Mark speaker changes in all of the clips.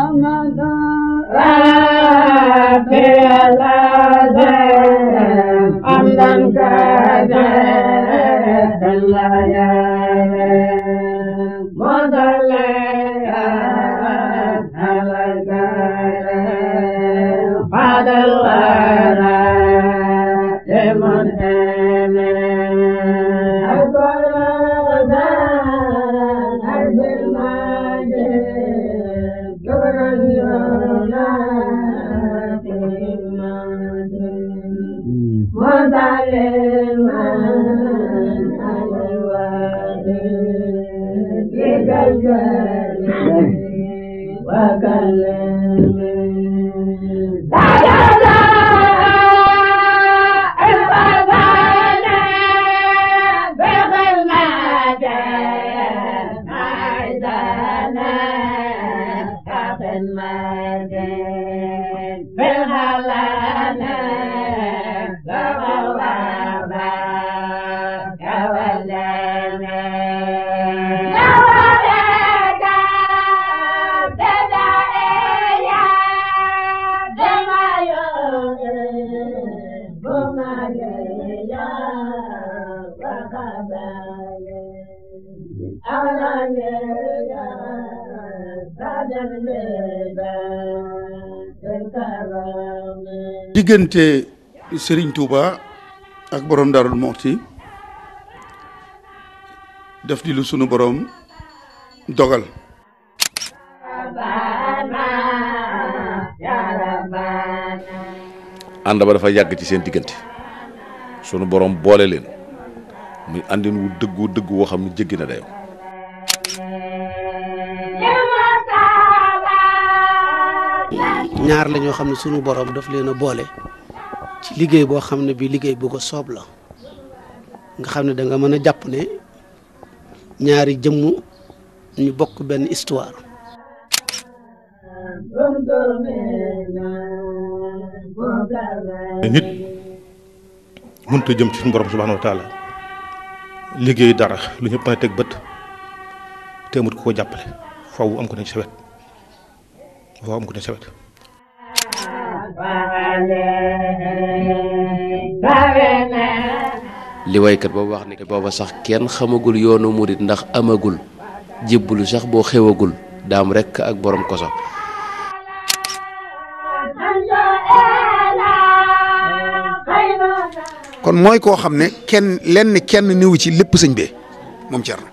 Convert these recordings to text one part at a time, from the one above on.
Speaker 1: Amada Pela Amdan la Laya
Speaker 2: diggante sëriñ tuuba ak borom Darou Mouhty def di lu sunu borom dogal.
Speaker 3: ànd ba dafa yàgg ci seen diggante sunu borom boole leen muy àndin wu dëggu dëggu woo xam ne jéggi na
Speaker 4: dayoo. ñaar la ñoo xam ne suñu borom daf leen a boole ci liggéey boo xam ne bi liggéey bu ko soob la nga xam ne danga mën a jàpp ne ñaari jëmm ñu bokk benn histoire
Speaker 1: nit
Speaker 5: mënta jëm ci liggéey dara lu ñëpp mën teg bët te amut ko ko jàppale faw am
Speaker 6: ko nañ sawet faw am ko nañ sawet li waykat boobu wax ne boobu sax kenn xamagul yoonu murit ndax amagul jébbalu sax boo xewagul daam rekk ak boroom koso
Speaker 7: kon mooy koo xam ne kenn lenn kenn niwu ci lépp sëñ bee moom Thierno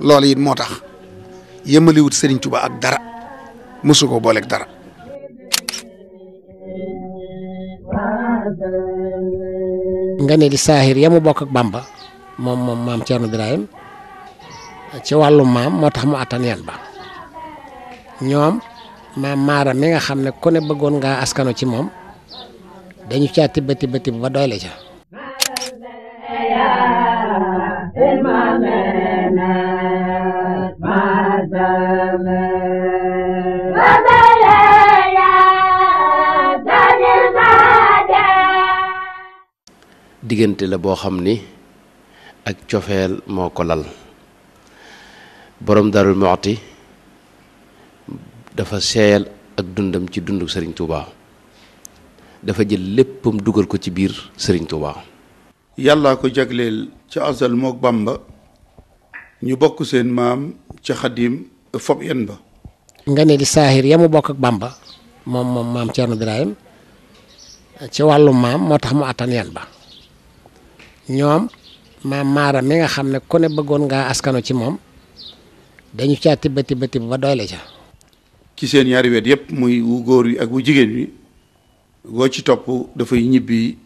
Speaker 7: loolu it moo tax yëmaliwut Sëriñ Tuba ak dara mësu ko booleeg dara
Speaker 8: nga ne li saaxir ya bokk ak ba moom moom maam Thierno Birahim ci wàllu maam moo tax mu attan yan ba ñoom maam Maara mi nga xam ne ku ne bëggoon ngaa askanu ci moom dañu caa tibbati ba doyle ca.
Speaker 6: diggante la boo xam ni ak cofeel moo ko lal borom darul moxti dafa seeyal ak dundam ci dundu serigne Touba dafa jël léppam dugal ko ci biir serigne Touba
Speaker 2: yalla ko jagleel ci azal mok bamba, ñu bokk seen maam ci xadim fop yen ba
Speaker 8: nga ne di sahir ya bokk ak bamba mom mom maam cheikh ibrahim ci walu maam motax mu atan yen ba ñoom maam maara mi nga xam ne kone ne bëggoon ngaa askanu ci moom dañu caa tibb tibb tibb ba doyle ca
Speaker 2: ci seen yaari wet yëpp muy wu góor wi ak wu jigéen wi woo ci topp dafay ñibbi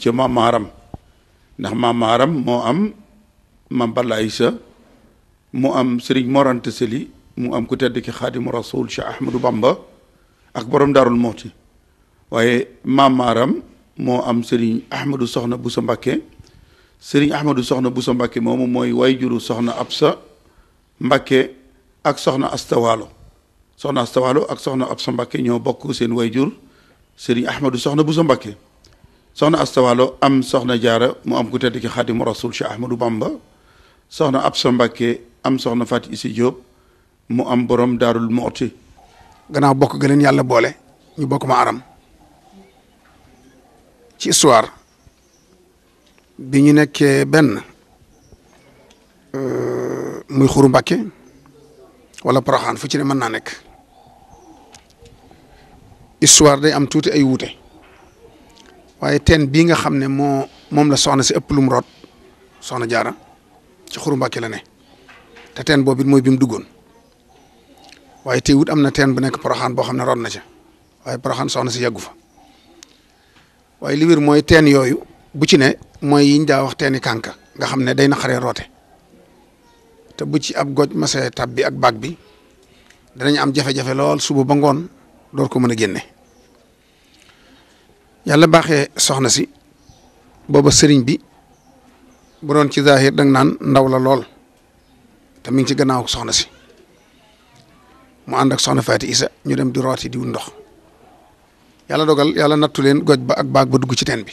Speaker 2: ca maam maaram ndax maam maaram moo am maam Balla Isa mu am Serigne Mor Anta mu am ku tedd ki xaadimu rasul Cheikh Ahmadou Bamba ak borom waaye maam moo am Serigne Ahmadou Soxna Bousso Mbacké sëriñ ahmadu soxna Bousso Mbàkke moomu mooy wayjuru soxna Absa Mbàkke ak soxna astawaalo soxna astawaalo ak soxna Absa Mbàkke ñoo bokk seen way jur sëriñ ahmadu soxna Bousso Mbàkke soxna astawaalo am soxna jaara mu am ku tedd ki xaadimu rasul Cheikh Ahmadou Bamba soxna Absa Mbàkke am soxna Faati Isi Jóob mu am borom daarul mooti gannaaw bokk ga leen yàlla boole ñu bokk ma aram
Speaker 7: ci histoire bi ñu nekkee benn euh, muy xuru Mbàkke wala Poroxaan fu ci ne mën naa nekk histoire day am tuuti ay wuute waaye teen bii nga xam ne moo moom la soxna si ëpp lu mu soxna jaara ci xuru Mbàkke la ne te teen boobu mooy bi mu duggoon waaye teewut am na teen bu nekk Poroxaan boo xam ne root na ca waaye Poroxaan soxna si yàggu fa waaye li mooy teen yooyu. bu ci ne mooy yiñ daa wax teeni kànka nga xam ne day na xare roote te bu ci ab goj masee tab bi ak baag bi danañ am jafe-jafe lool suba ba ngoon door ko mën a génne yàlla baaxee soxna si booba sëriñ bi bu doon ci zaahir dang naan ndaw la lool te mi ngi ci gannaaw soxna si mu ànd ak soxna Faati Isa ñu dem di rooti di ndox yàlla dogal yàlla nattu leen goj ba ak baag ba dugg ci teen bi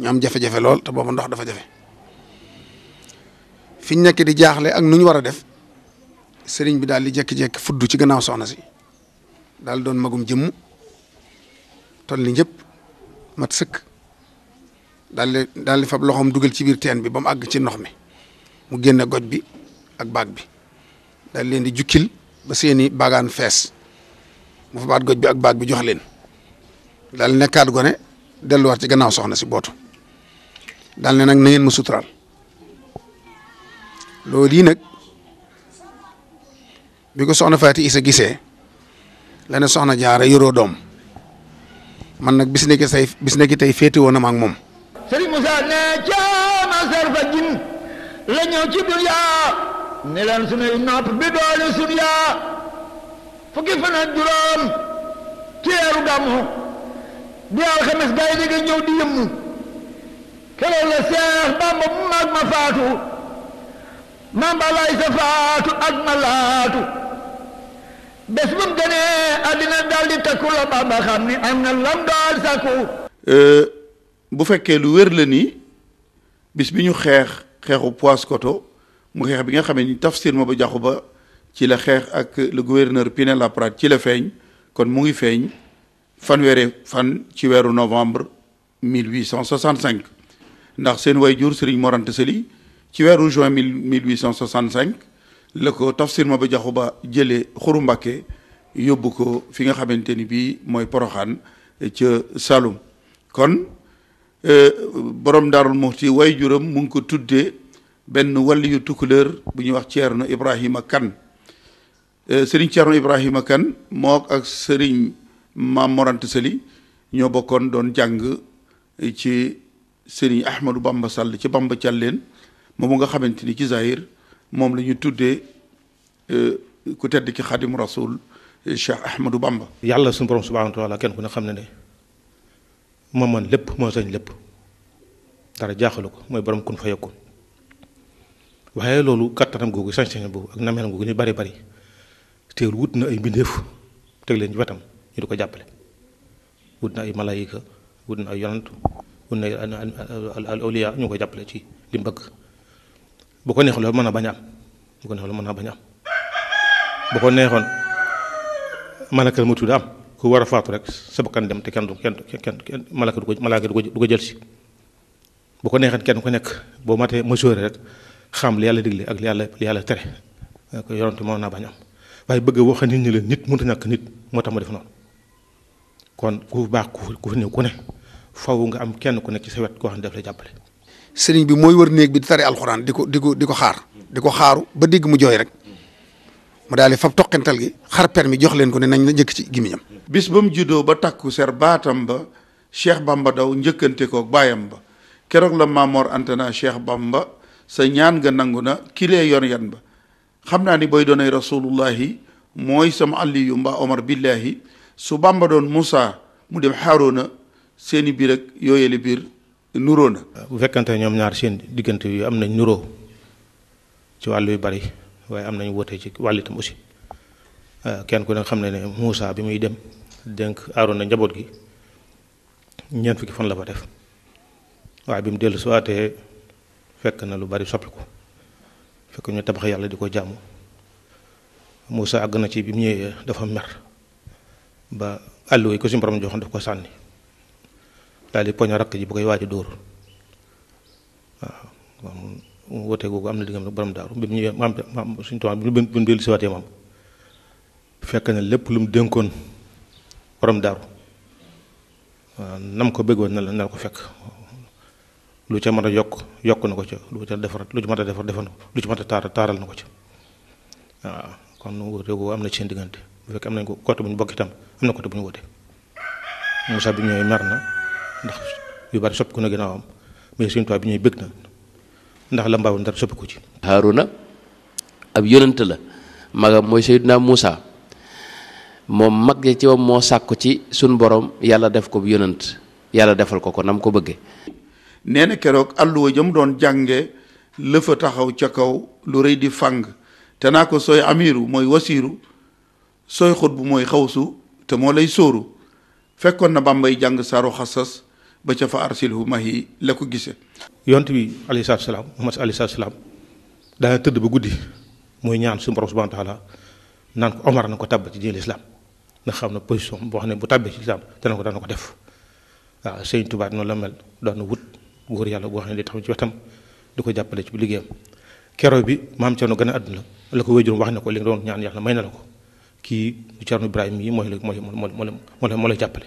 Speaker 7: ñam jafé jafé lol, té bobu ndox dafa jafé fi ñëk di jaxlé ak nuñu wara def sëriñ bi dal li fuddu ci gënaaw soxna si dal doon magum jëm tol li ñëpp mat sëkk dal li dal li fab loxom duggal ci biir téen bi bam ag ci ndox mi mu génne goj bi ak baag bi dal leen di jukkil ba seeni baagaan fess mu goj bi ak baag bi jox leen gone ci gannaaw soxna si botu daal ne nag na ngeen ma suturaal loolu yi nag bi ko soxna Faati Isa gisee la ne soxna jaara yoroo doom man nag bis nekk say bis nekk tey féete woon moom.
Speaker 9: Serigne Moussa ne caama sarfa jin la ñëw ci dunya ne leen sunuy nopp bi doole suñu fukki fan ak ci weeru gàmmu di alxames gay di nga di yëmmu. kelel la seex bamba mu mag ma faatu mamba lay sa faatu ak ma laatu bés bu gënee àddina daal di takku la bamba xam ni am na lam daal sakku
Speaker 2: bu fekkee lu wér la nii bis bi ñu xeex xeexu Paoskoto mu xeex bi nga xamee ni tafsir ma ba jaxu ba ci la xeex ak le gouverneur Pinet-Laprade ci la feeñ kon mu ngi feeñ fanweeri fan ci weeru novembre 1865 ndax seen wayjur serigne morante seli ci wéru juin 1865 la ko tafsir ma ba jaxu ba jëlé xuru mbacké yobbu ko fi nga xamanteni bi moy porohan eh, ci salum kon euh borom darul muhti wayjuram mu ngi ko tuddé ben waliyu tukuleur bu ñu wax cierno ibrahima kan euh serigne cierno ibrahima kan mok ak serigne mam morante seli ño bokkon doon jang ci sëriñ ahmadou bamba sall ci bamba càlleen moomu nga xamante ni ci zahir moom la ñu tuddee ku tedd ki xadim rasul cheikh ahmadou bamba yàlla suñu borom subhanahu wa taala kenn ku ne xam ne ne
Speaker 5: moo man lépp moo sañ lépp dara jaaxalu ko mooy borom kun fa yokkun waaye loolu kattanam googu sañ-sañ boobu ak nameelam googu ñu bari bari teewul wut na ay mbindeef teg leen ci wetam ñu di ko jàppale wut na ay malaayika wut na ay yonantu mun na al awliya ñu koy jàppale ci li mu bëgg bu ko neexoon loolu mën a bañ am bu ko neexoon loolu mën a bañ am bu ko neexoon malakal mu tudd am ku war a faatu rek sa bakkan dem te kenn du kenn kenn malaka du ko malaka du ko du ko jël si bu ko neexoon kenn ku nekk boo matee mesure rek xam li yàlla digle ak li yàlla li yàlla tere ko yoronte mën naa bañ am waaye bëgg wax nit ñi leen nit mënut a ñàkk nit moo tax ma def noonu kon ku baax ku ku ne ku ne.
Speaker 7: faw nga am kenn ku nekk ci sa wet koo xam ne la jàppale sëriñ bi mooy wër néeg bi di tari alxuraan di ko di ko di ko xaar di ko xaaru ba dégg mu jooy rek mu daal di fab gi
Speaker 2: xar permi jox leen ko ne nañ la njëkk ci gimiñam bis ba mu juddoo ba takku ser baatam ba cheikh bamba daw njëkkante ko baayam ba keroog la mamor antena cheikh bamba sa ñaan nga nangu na kilee yor yan ba xam naa ni booy rasulullahi mooy sama aliyu mba omar billahi su bamba doon moussa mu dem seeni biir ak yooyeli biir nuroo na.
Speaker 5: Ah, bu fekkante ñoom ñaar seen diggante yi am nañ nuroo ci wàll yu bari waaye am nañu woote ci wàll itam aussi ah, kenn ku ne xam ne ne Moussa bi muy dem dénk na njaboot gi ñeent fukki fan la fa def waaye bi mu dellu si fekk na lu bari soppi ko fekk ñu tabax yàlla di ko jàmm Moussa àgg na ci bi mu ñëwee dafa mer ba àll yi ko si jox joxoon daf ko sànni. daal di poñ rakk ji bu koy waaj a dóor waaw moom googu am na diggam borom daaru bi mu ñëwee maam maam suñu si waatee maam fekk na lépp lu mu dénkoon borom daaru nam ko bëggoon na la ko fekk lu ca mën a yokk yokk na ko ca lu ca defar lu ci mën a defar defar na ko lu ci mën a taar taaral na ko ca kon woote googu am na ci seen diggante bu fekkee am nañ ko côté bu ñu bokk itam am na côté bu ñu woote Moussa bi ñëwee mer na. ndax yu bari soppiku na ginnaawam mais suñu tubaab bi ñuy bëgg na ndax la mbaawoon
Speaker 6: dara soppiku ci. Haaruna ab yonent la magam mooy Seydina Muusa moom mag ya ci wam moo sàkku ci suñ borom yàlla def ko bu yonent yàlla defal ko ko nam ko bëggee.
Speaker 2: nee na keroog àlluwa jëm doon jànge lëfa taxaw ca kaw lu rëy di fàng te naa ko sooy amiru mooy wasiiru sooy xut bu mooy xawsu te moo lay sóoru fekkoon na bàmbay jàng saru xasas ba ca fa arsilhu mahi la ko gisee. yonent bi alayhi salaatu salaam Muhammad alayhi
Speaker 5: salaatu salaam daana tëdd ba guddi muy ñaan su borom subhaanahu wa taala naan ko Omar na ko tabb ci diine lislaam na xam ne position boo xam ne bu tabbee ci lislaam dana ko dana ko def waaw sëñ Tuubaa noonu la mel doon wut góor yàlla boo xam ne day taxaw ci wetam di ko jàppale ci liggéeyam. kero bi maam Cerno gën a àdduna la ko wéjurum wax ne ko li nga doon ñaan yàlla na la ko kii Cerno Ibrahima yi mooy mooy moo la moo la jàppale.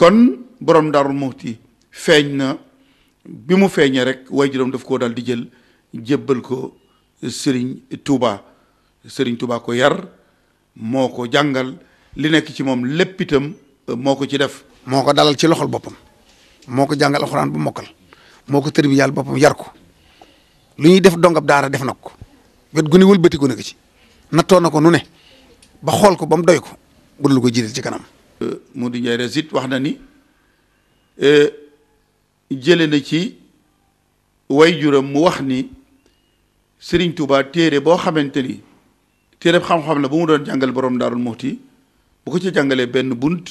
Speaker 2: kon borom Daaru Muxti feeñ na bi mu feeñee rek way juróom def koo dal di jël jébbal ko sëriñ Touba sëriñ Touba ko yar moo ko jàngal li nekk ci moom lépp itam euh, moo ko ci def.
Speaker 7: moo ko dalal ci loxol boppam moo ko jàngal alxuraan bu mokkal moo ko tërbiyaal boppam yar ko lu ñuy def dongab daara def nag ko wet gu ne wëlbati gu ko ci nattoo na ko nu ne ba xool ko ba mu doy ko budul ko jiital ci kanam.
Speaker 2: Euh, Modou Ndiaye Racide wax na ni euh, jële na ci waajuram mu wax ni sëriñ Touba téere boo xamante ni téereb xam-xam la bu mu doon jàngal borom Daarul Muxti bu ko ci jàngalee benn bunt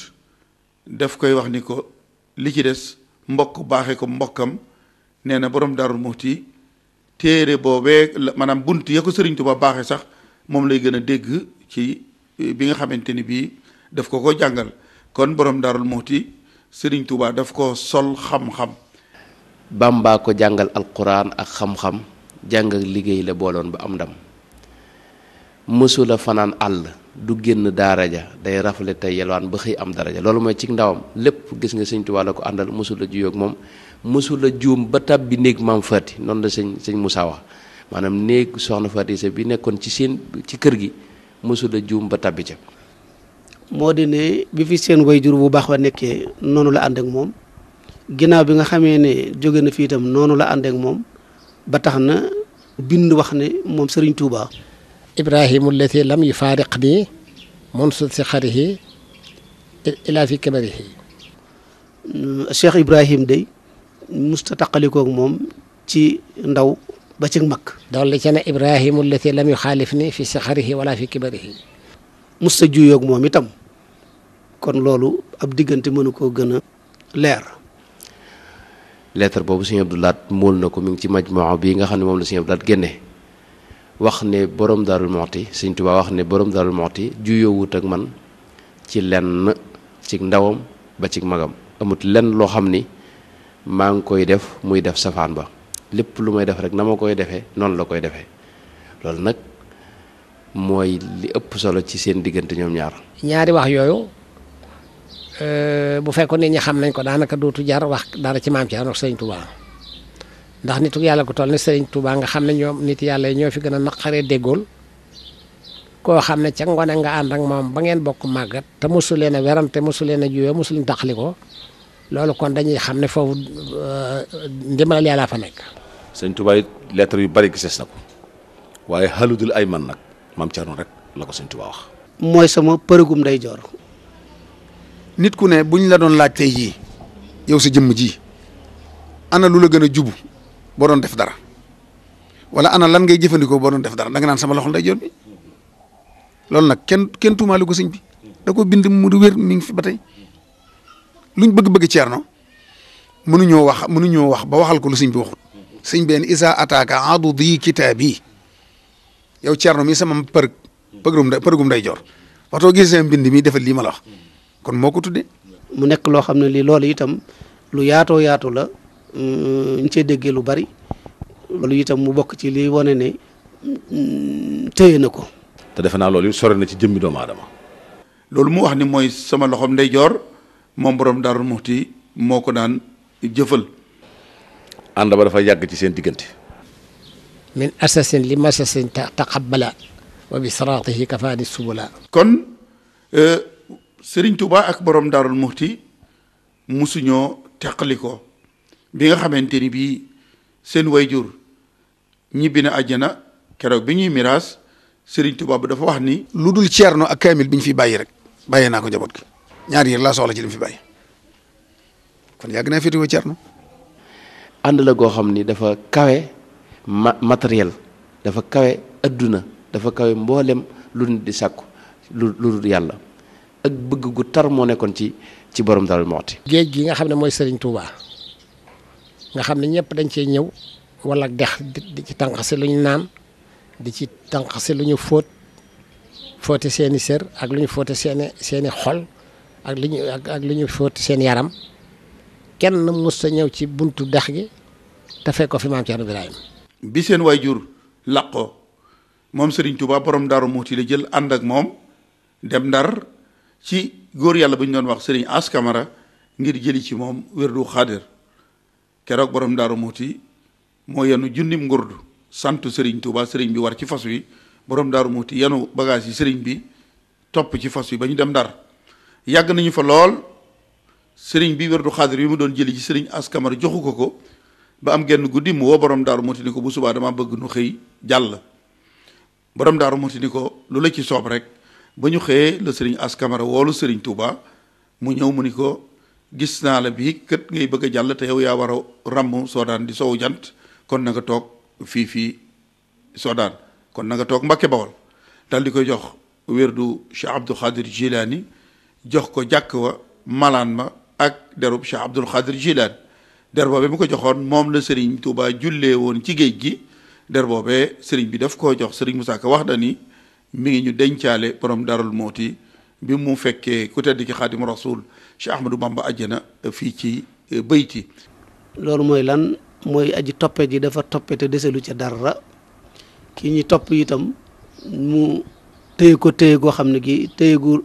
Speaker 2: daf koy wax ni ko li ci des mbokk baaxe ko mbokkam nee na borom Daarul Muxti téere la maanaam bunt ya ko Serigne Touba baaxee sax moom lay gën a dégg ci bi nga xamante ni bii daf ko ko jangal kon borom darul muhti serigne touba daf ko sol xam-xam
Speaker 6: Bamba ko jangal alquran ak xam-xam jang ak liggey la bolon ba am ndam musula fanan all du genn dara ja day rafle tay yelwan ba xey am ja lolou moy ci ndawam lepp gis nga serigne touba lako andal musula mësula juyoog mom musula juum ba tab bi neeg mam fati non la serigne serigne Moussa wax manam neeg soxna fati se bi nekkon ci sin ci kër gi musula juum ba bi
Speaker 4: moo di ne bi fi seen jur bu baax wa nekkee noonu la ànd moom ginnaaw bi nga xamee ne jóge na fii tam noonu la ànd moom
Speaker 8: ba tax na bind wax ne moom sëriñ tuuba Touba. Ibrahima allati lam yufaariq nii mun si xarihi ilaa fi kabarihi
Speaker 4: Cheikh Ibrahim day musta taqalikoog moom ci
Speaker 8: ndaw ba ci mag. doon li ca ne Ibrahima allati lam yuxaalif nii fi si xarihi wala fi
Speaker 4: juyo ak mom itam kon lolu ab diggante mënu ko ler. leer
Speaker 6: lettre bobu seigne abdoulat Lahat mool na mi ngi ci majmua bi nga xam ne la seigne abdoulat genné wax ne borom darul mu'ti seigne touba wax ne borom mu'ti juyo wut ak man ci lenn ci ndawam ba ci magam amut len lo xamni ma ngi koy def muy def safan ba lepp lu may def rek nama koy defé non la koy defé lol nak moy li ëpp solo ci seen diggante ñoom ñaar
Speaker 8: ñaari wax yooyu euh, bu fekkoon nit ñi xam nañ ko daanaka dootu jar wax dara ci maam ci anok sëriñ tuba ndax nitu yàlla ko toll ni sëriñ tuba nga xam ne ñoom nit yàlla ñoo fi gën a naqaree déggool koo xam ne ca ngone nga ànd ak moom ba ngeen bokk màggat te mosu leen a werante mosu leen a juyoo mosu leen ko loolu kon dañuy xam ne foofu euh, ndimbalal yàlla fa nekk
Speaker 3: sëriñ tuba lettre yu bari gises na ko waaye xaludul ay man nag maam Thierno rek la ko sëñ Tuubaa wax.
Speaker 4: mooy sama përëgum day joor. nit ku ne buñ la doon
Speaker 7: laaj tey jii yow si jëmm ji ana lu la gën a jubu boo doon def dara wala ana lan ngay jëfandikoo boo doon def dara da naan sama loxol day joor bi loolu nag kenn kenn tuumaale ko sëñ bi da ko bind mu di wér mi ngi fi ba tey luñ bëgg-bëgg Thierno mënuñoo wax mënuñoo wax ba waxal ko lu sëñ bi waxut sëñ benn isa ataaka adu di kitaab yi yow Thierno mi sama për përgum
Speaker 4: përgum nday jor waxtoo gisee mbind mi defal lii ma la wax kon mooko ko mu nekk loo xam ne lii loolu itam lu yaatoo yaatu la mm, ñu cee déggee lu bari loolu itam mu bokk ci lii wane ne mm, téye na ko.
Speaker 3: te defe naa loolu sore na ci jëmmi
Speaker 2: doomu aadama. loolu
Speaker 3: mu wax
Speaker 4: ni mooy sama loxoom nday joor moom borom
Speaker 2: Daaru Muxti moo ko daan jëfal. ànd ba dafa yàgg ci seen diggante.
Speaker 8: min asasin li masasin taqabbala wa bi saraatihi kafaani subula
Speaker 2: kon e, Serigne Touba ak borom Daarul Muxti musuñoo teqali ko bi nga xamante ni bii seen wayjur ñibbi na àjjana keroog bi ñuy miraas Serigne Touba bu dafa wax ni. lu dul ceerno ak kaamil bi ñu fi bàyyi rek bàyyee naa ko njaboot gi ñaar yéen laa soxla ci li fi bàyyi
Speaker 6: kon yàgg naa féetewoo ceerno. ànd la goo xam ni dafa kawe. matériel dafa kawe aduna dafa kawe mbollem lu nit di sakku lu lu yalla ak bëgg gu tar mo nekkon ci ci borom dal
Speaker 8: moti geej gi nga xamne moy serigne Touba nga xamne ñepp dañ ci ñew wala dex di ci tanxasse lu ñu naan di ci tanxasse lu ñu fóot fóote ser, i ak lu ñu fóote seeni i xol ak lu ak lu seen yaram kenn mu sa ñew ci buntu dex gi te fekk ko fi maam ci ibrahim
Speaker 2: bi seen jur làqo moom sëriñ Touba borom Daaru Muxti la jël ànd ak moom dem Ndar ci góor yàlla bu ñu doon wax sëriñ askamara ngir jëli ci moom wérdu xaadir keroog borom Daaru muuti moo yenu junnim ngurdu sant Serigne Touba sëriñ bi war ci fas wi borom Daaru muuti yenu bagage yi sëriñ bi topp ci fas wi ba ñu dem Ndar yàgg nañu fa lool Serigne bi wérdu xaadir bi mu doon jëli ci Serigne askamara joxu ko ko. ba am genn guddi mu wo borom daaru moti ni ko bu suba dama bëgg nu xey jàll borom daaru moti ni ko lu la ci soob rek ba ñu xëyee le sëriñ askamara woolu sëriñ tuuba mu ñëw mu ni ko gis naa la bii kët ngay bëgg a jàll te yow yaa war a ràmm soodaan di sowu jant kon na nga toog fii fii soodaan kon na nga toog mbakke bawal dal di koy jox wérdu cheikh abdou khadir jilani jox ko jàkk wa malaan ma ak derub cheikh abdou khadir jilani der boobe mu ko joxoon moom la sëriñ Touba jullee woon ci géej gi der boobe sëriñ bi daf koo jox sëriñ mu Ka wax na ni mi ngi ñu dencaale borom daral mooti bi mu fekkee ku tedd ki xaadim rasul Cheikh Ahmadou Bamba àjjana fii ci eh, bayti
Speaker 4: loolu mooy lan mooy aji toppe ji dafa toppe te deselu ca dara ki ñi topp itam mu téye ko téye goo xam ne gi téye gu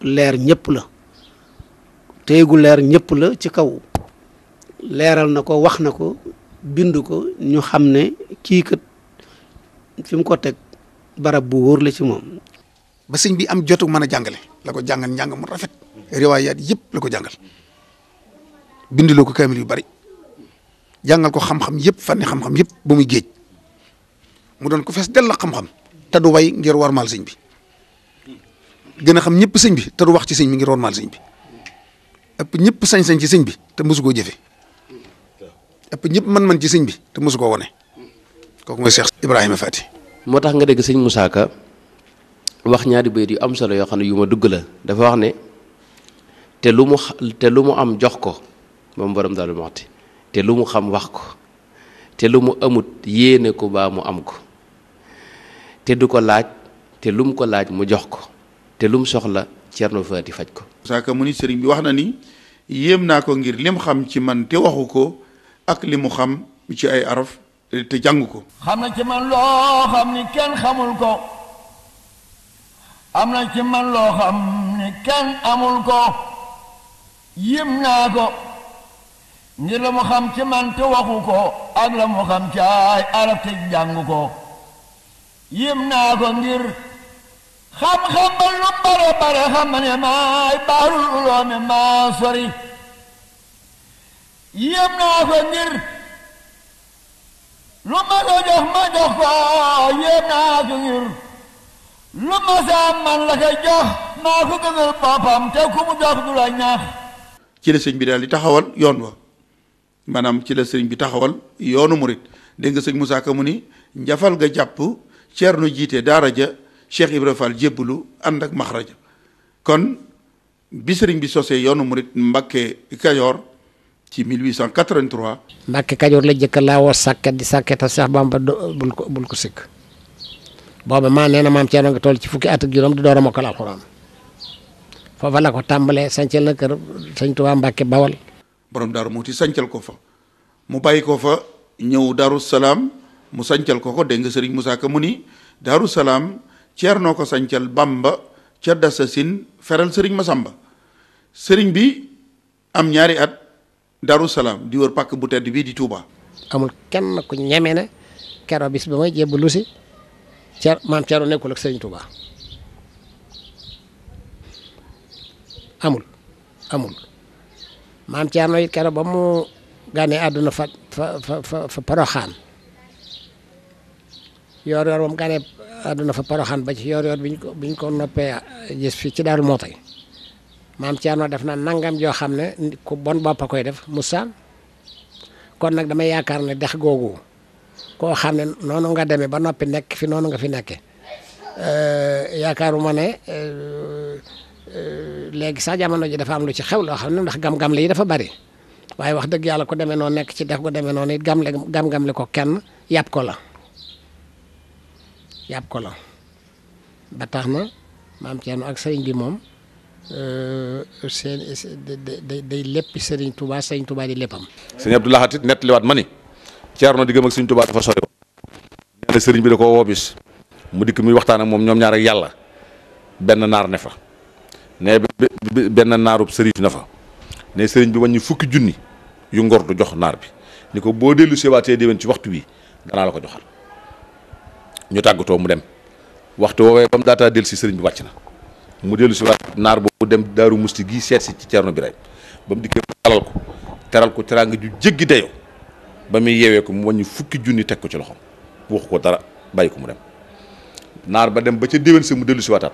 Speaker 4: leer ñëpp la téye gu leer ñëpp la ci kaw leeral na ko wax na ko bind ko ñu xam ne kii kat fi mu ko teg barab bu wóor la ci moom.
Speaker 7: ba sëñ bi am jotu man a jàngale la ko jàngal njàng mu rafet. riwaayaat yëpp la ko jàngal bindiloo ko kaamil yu bari jàngal ko xam-xam yëpp fànni xam-xam yëpp ba muy géej mu doon ko fees dell la xam-xam te du way ngir war sëñ bi gën a xam ñëpp sëñ bi te du wax ci sëñ bi ngir warmaal sëñ bi ëpp ñëpp sañ-sañ ci sëñ bi te mosu koo jëfe ëpp ñëpp mën-mën ci sëñ bi te mosu koo wone kooku mooy Cheikh Ibrahima Fati.
Speaker 6: moo tax nga dégg sëñ Moussa Ka wax ñaari bayit yu am solo yoo xam ne yu ma dugg la dafa wax ne te lu mu lu mu am jox ko moom borom daal mu waxti te lu mu xam wax ko te lu mu amut yéene ko baa mu am ko te du ko laaj te lu mu ko laaj mu jox ko te lu mu soxla Cerno Fati faj ko.
Speaker 2: Moussa mu ni sëriñ bi wax na ni yéem naa ko ngir lim xam ci man te waxu ko. ak li mu xam ci ay araf te jàng ko.
Speaker 9: xam na ci man loo xam ni kenn xamul ko am na ci man loo xam ni kenn amul ko yim naa ko ngir la mu xam man te waxu ak la mu xam ci ay araf te jàng ko yim naa ko ngir. xam-xam ba lu bare bare xam ne maay baarul sori yéem naa ko ngir lu ma ko jox ma jox ko yéem naa ko ngir lu ma saa man la koy jox maa ko gënal boppam te ku mu jox du la ñaax
Speaker 2: ci la sëñ bi daal di taxawal yoon wa maanaam ci la sëñ bi taxawal yoonu murit dégg nga sëñ Moussa Ka mu ni njafal nga jàpp ceernu jiite daara ja Cheikh Ibra Fall jébbalu ànd ak maxraja kon bi sëriñ bi sosee yoonu murit Mbàkke Kajoor ci 1883
Speaker 8: mbàkke kajoor la jëkk laa woo sàkket di sàkketa Seex Bamba bul ko bul ko sikk booba maa nee na maam Ceerno nga toll ci di door a mokkal alxuraan foofa la ko tàmbalee sancal Bawal
Speaker 2: borom daaru Muxti sancal ko fa mu bàyyi ko fa ñëw Daaru Salaam mu sancal ko ko dégg nga sëriñ Moussa Ka Bamba ca Dasasin feral sëriñ Masamba sëriñ bi am ñaari at Darussalam di wër pak bu tedd bi di Touba.
Speaker 8: amul kenn ku ñeme ne kéro bis ba may jébbalu si cer maam Cerno nekkul ak Serigne Touba amul amul maam Cerno it kéro ba mu gane àdduna fa fa fa fa yor yor mu gane àdduna fa paroxaan ba ci yor yor biñ ko biñ ko noppé jiss fi ci maam Thierno def na nangam joo xam ne ku bon bopp a koy def mussa kon nag damay yaakaar ne dex googu koo xam ne noonu nga demee ba noppi nekk fi noonu nga fi nekke euh, yaakaaruma ne euh, léegi sax jamono ji dafa am lu ci xew loo xam ne ndax gam-gam yi dafa bari waaye wax dëgg yàlla ku demee noonu nekk ci dex gu demee noonu it gam gam-gam ko kenn yàpp ko la yàpp ko la ba tax na maam Thierno ak sëriñ bi moom. Euh, seen day de leppi Serigne Touba Serigne Touba di leppam.
Speaker 3: sëñ Abdou Lahad it nettaliwaat ma ni Ceerno di gëm ak Serigne Touba dafa sori woon. bi da koo woo bis mu dikk muy waxtaan ak moom ñoom ñaar yàlla benn naar ne fa ne benn naarub Serigne na fa ne sëriñ bi wàññi fukki junni yu ngor jox naar bi ni ko boo dellu seewaatee déwén ci waxtu wi danaa la ko joxal ñu tàggatoo mu dem waxtu woowee ba mu daataa dellu si Serigne bi wàcc na. mu dellu si waat naar boobu dem daaru musti gii seet si ci Cerno Birahim ba mu dikkee alal ko teral ko teraanga ju jéggi dayoo ba muy yeewee ko mu wàññi fukki junni teg ko ci loxoom wax ko dara bàyyi ko mu dem naar ba dem ba ca déwén sa mu dellu si waataat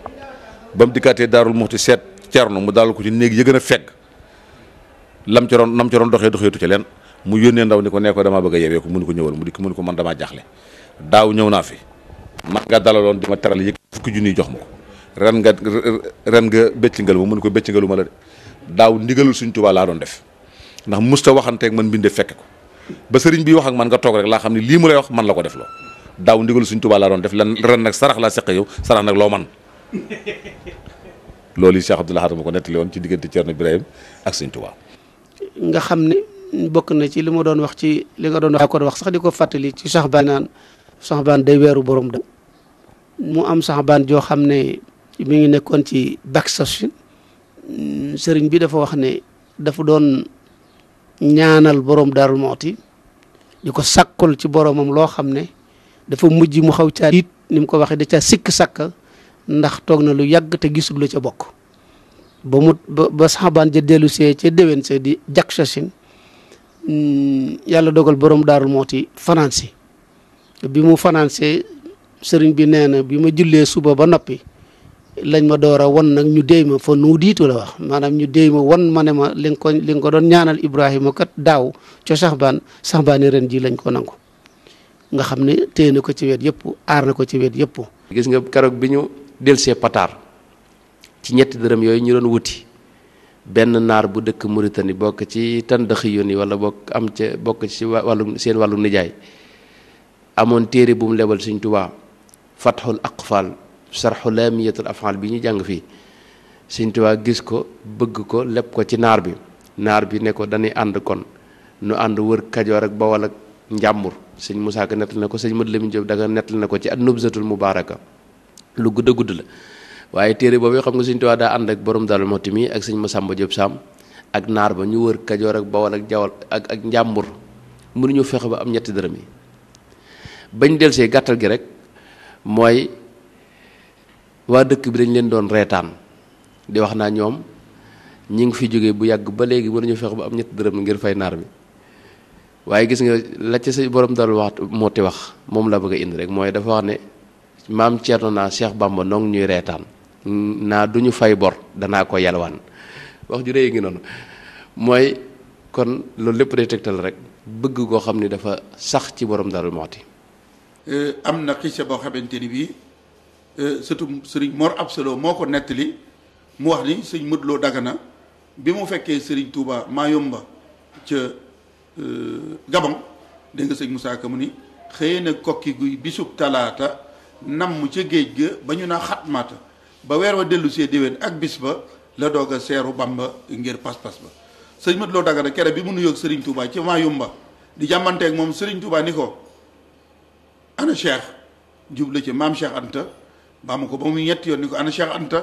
Speaker 3: ba mu dikkaatee daarul muxti seet Cerno mu dalal ko ci néeg ya gën a fegg lam ci roon nam ci roon doxee doxeetu ci leen mu yónnee ndaw ni ko nee ko damaa bëgg a yeewee ko mu ko ñëwal mu dikk mu ni ko man damaa jaaxle daaw ñëw naa fi man nga dalaloon di ma teral yëg fukki junni jox ma ko ren nga ren nga beccingal mo mën ko beccingaluma la def ndax musta ak man binde fekk ko ba serigne bi wax ak man nga tok rek la xamni li mu lay wax man la ko def lo daw ndigal suñ tuba la doon def lan ren nak sarax la sekk yow sarax nak lo man loli cheikh abdullah xatama ko netti won ci digeenti cierno ibrahim ak serigne tuba
Speaker 4: nga xamni bok na ci limu doon wax ci li nga doon wax ko wax sax diko fatali ci cheikh banane cheikh day wéru borom da mu am cheikh joo jo xamne mi ngi nekkoon ci Baxos sëriñ bi dafa wax ne dafa doon ñaanal borom Darou Mouhty di ko sakkul ci boroomam loo xam ne dafa mujj mu xaw caa it ni mu ko waxee da caa sikk sakk ndax toog na lu yàgg te gisul la ca bokk ba mu ba saxabaan ja dellu ca déwén see di Jaxasin yàlla dogal borom Darou Mouhty fanaan si bi mu fanaan sëriñ bi nee na bi ma jullee suba ba noppi. lañ ma door a won nag ñu déy ma fa nuu diitu la wax maanaam ñu déy ma won ma ne ma li nga ko li nga ko doon ñaanal Ibrahima kat daaw co saxbaan saxbaani ren ji lañ ko nangu nga xam ne téye na ko ci wet yépp aar na ko ci wet yépp
Speaker 6: gis nga keroog bi ñu delsee pataar ci ñetti dërëm yooyu ñu doon wuti benn naar bu dëkk Mauritanie bokk ci tandaxi yoon yi wala bokk am ca bokk ci wàllu seen wàllu nijaay amoon téere bu mu lebal Sëñ Tuubaa Fatxul Aqfal sarxu laamiyatul afaal bi ñuy jàng fii Sëñ Tuubaa gis ko bëgg ko lépp ko ci naar bi naar bi ne ko dañuy ànd kon nu ànd wër kajoor ak bawal ak njàmbur sëñ Moussa Ka nettal ko sëñ Madu Lamin Jóob daga nettal na ko ci an-Nubzatul Mubaaraka lu gudd gudd la waaye téere boobu xam nga Sëñ Tuubaa daa ànd ak borom Daaru Muxti mi ak sëñ Masamba Jóob Saam ak naar ba ñu wër kajoor ak bawal ak ak ak njàmbur mënuñu fexe ba am ñetti dërëm yi bañ delsee gàttal gi rek mooy wa dekk bi dañ leen doon reetaan di wax naa ñoom ñi ngi fi jógee bu yàgg ba léegi waruñu fex ba am ñett dërëm ngir fay naar bi waaye gis nga la ci sa borom dal wax moti wax moom la bëgg a indi rek mooy dafa wax ne maam ceerno naa cheikh bamba nong ñuy reetaan naa duñu fay bor danaa ko yalwaan wax ju rëy ngi noonu kon loolu lépp day tegtal rek bëgg goo xam dafa sax ci borom darul moti
Speaker 2: euh, am na xisa boo xamante ni Euh, surtout sëriñ Mor Absalo moo ko nettali mu wax ni sëñ Modou Lo Dagana bi mu fekkee sëriñ Touba Mayomba ca euh, Gabon dégg nga sëñ Moussa Ka mu ni xëy na kokki guy bisub talaata nam ca géej ga ba ñu naa xatmaata ba weer wa dellu see déwén ak bis ba la doog a seeru Bamba ngir pas-pas ba sëñ mët loo Dagana kere bi mu nuyoog sëriñ Touba ci Mayomba di jàmmanteek moom sëriñ Touba ni ko ana Cheikh jublu ci maam Cheikh Anta ba ma ko ba muy ñetti yoon ni ko ana Cheikh Anta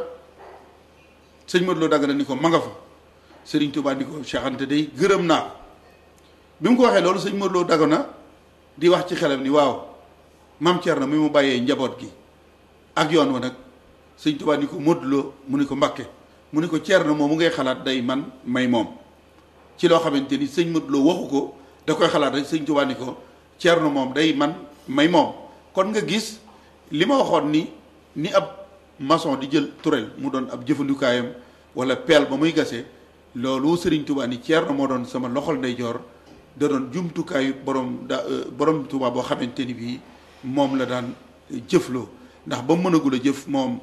Speaker 2: sëñ Modou Lo na ni ko manga nga fa Serigne Touba ni ko day gërëm naa ko ko waxee loolu sëñ Modou Lo na di wax ci xelam ni waaw maam Thierno mi mu bàyyee njaboot gi ak yoon wa nag sëñ Touba ni mu ne ko Mbakke mu ne ko Thierno moom mu ngay xalaat day man may moom ci loo xamante ni sëñ Modou waxu ko da koy xalaat rek sëñ Touba ni ko moom day man may moom kon nga gis li ma waxoon ni ni ab mason di jël turel mu doon ab jëfandukaayam wala peel ba muy gasee loolu sëriñ Touba ni Ceerno moo doon sama loxol ndeyjoor da doon jumtukaayu borom da euh, borom Touba boo xamante ni bii moom la daan euh, jëfloo ndax ba mënagul a jëf moom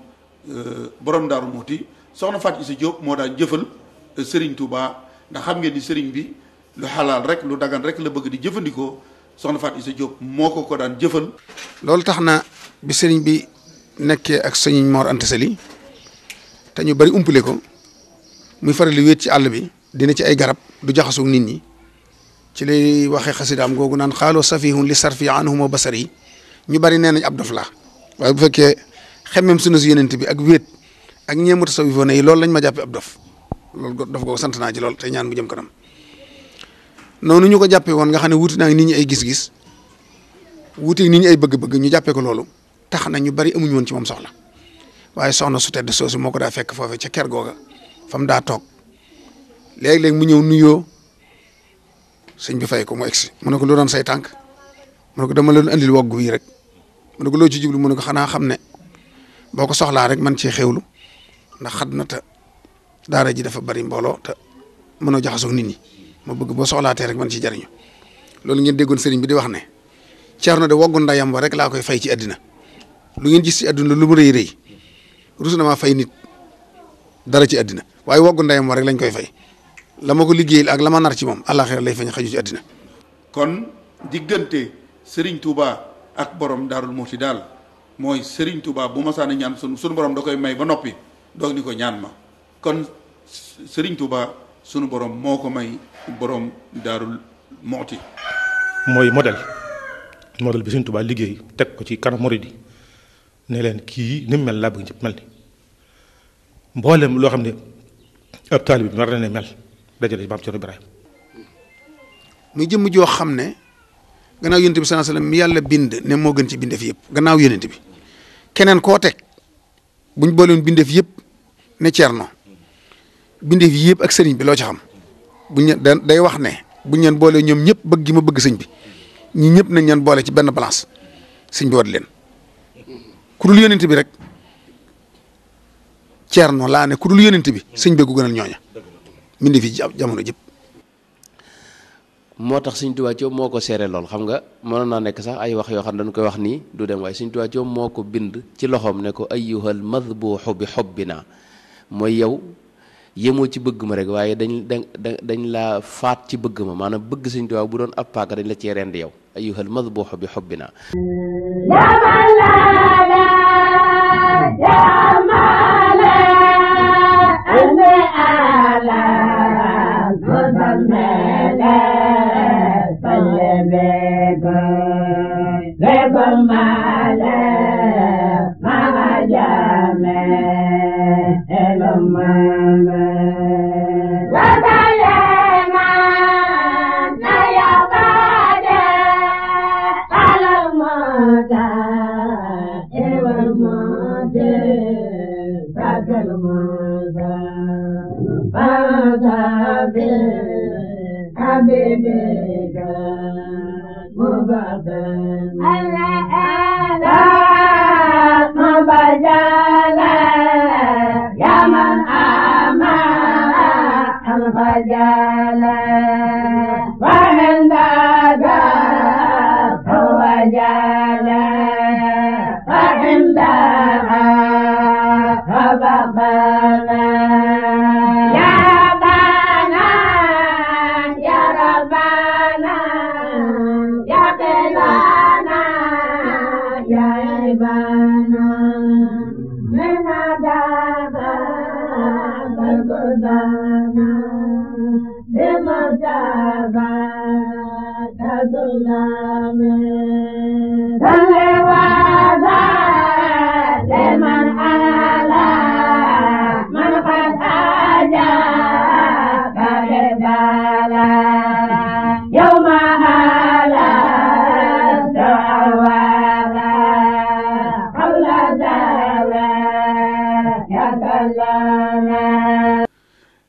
Speaker 2: euh, borom Daaru Muuti soxna Faat Isa Jóob moo daan jëfal sëriñ Touba ndax xam ngeen ni sëriñ bi lu xalaal rek lu dagan rek la bëgg di jëfandikoo soxna Faat Isa Jóob moo ko ko daan jëfal. loolu tax na bi sëriñ bi.
Speaker 7: nekk ak sëñ Mor Anta Sali te ñu bari umpale ko muy faral di wéet ci àll bi dina ci ay garab du jaxasoo nit ñi ci lay waxee xasidaam googu naan safi safihun li sarfi anhuma basar yi ñu bari nee nañ ab dof la waaye bu fekkee xemmem sunu si yenent bi ak wéet ak ñeemu tasawufoo ne yi loolu lañ ma jàppee ab dof loolu dof googu sant naa ci lool te ñaan bu jëm kanam noonu ñu ko jàppee woon nga xam ne wuti naa nit ñi ay gis-gis wuti nit ñi ay bëgg-bëgg ñu jàppee ko loolu tax na ñu bari amuñu won ci mom soxla waye soxna su tedd soosu moko da fekk foofee ci ker goga fam da tok leg leg mu ñew nuyo señ bi fay ko mu exi mu ne ko lu doon say tank mu ne ko dama leen andil woggu wii rek mu ne ko lo ci jiblu mu ne ko xana xamne boko soxla rek man ci xewlu ndax xadna ta daara ji dafa bari mbolo ta mëno jaxaso nit ñi ma bëgg bo soxlaate rek man ci jarignu lolou ngeen deggon serigne bi di wax ne ceerno de wogu ndayam wa rek la koy fay ci adina lu ngeen gis ci àdduna lu mu rëy rëy rus na maa fay nit dara ci àddina waaye woggu ndeyam rek lañ koy fay la ma ko liggéey ak la ma nar ci moom àllaaxira lay fañ xaju ci
Speaker 2: kon diggante Serigne Touba ak borom Daarul Muxti daal mooy Serigne Touba bu ma saana ñaan sunu sunu borom da koy may ba noppi doog ni ko ñaan ma kon sëriñ Touba sunu borom moo ko may borom Daarul mooti
Speaker 5: mooy modèle modèle bi Serigne Touba liggéey teg ko ci kanam murid yi ne leen kii ni mel laa bëgg ñëpp mel ni
Speaker 7: mboolem loo xam ne ab taalib bi war na ne mel dajale maam Cerno Ibrahima jëm jëmm joo xam ne gannaaw yonent bi sallallahu alayhi mi yàlla bind ne moo gën ci bindeef yëpp ganaaw yonent bi keneen koo teg buñ booleen bindeef yëpp ne Cerno bindeef yëpp ak sëriñ bi loo ci xam buñ day wax ne buñ leen boolee ñoom ñëpp bëgg gi ma bëgg sëñ bi ñi ñëpp nañ ñeen boole ci benn balance sëñ bi war leen ku dul yonent bi rek ceerno laa ne ku dul yonent bi sëñ bi gu gënal ñooña mindi fi jamono jëpp
Speaker 6: moo tax sëñ Tuubaa Coob moo ko seere lool xam nga mënoon naa nekk sax ay wax yoo xam ne dañ koy wax nii du dem waaye sëñ Tuubaa Coob moo ko bind ci loxoom ne ko ayyuhal madbuuxu bi xubbinaa mooy yow yemoo ci bëgg ma rek waaye dañ dañ dañ laa faat ci bëgg ma maanaam bëgg sëñ Tuubaa bu doon paaka dañ la cee rend yow ayyuhal madbuuxu bi xubbinaa
Speaker 1: Yeah!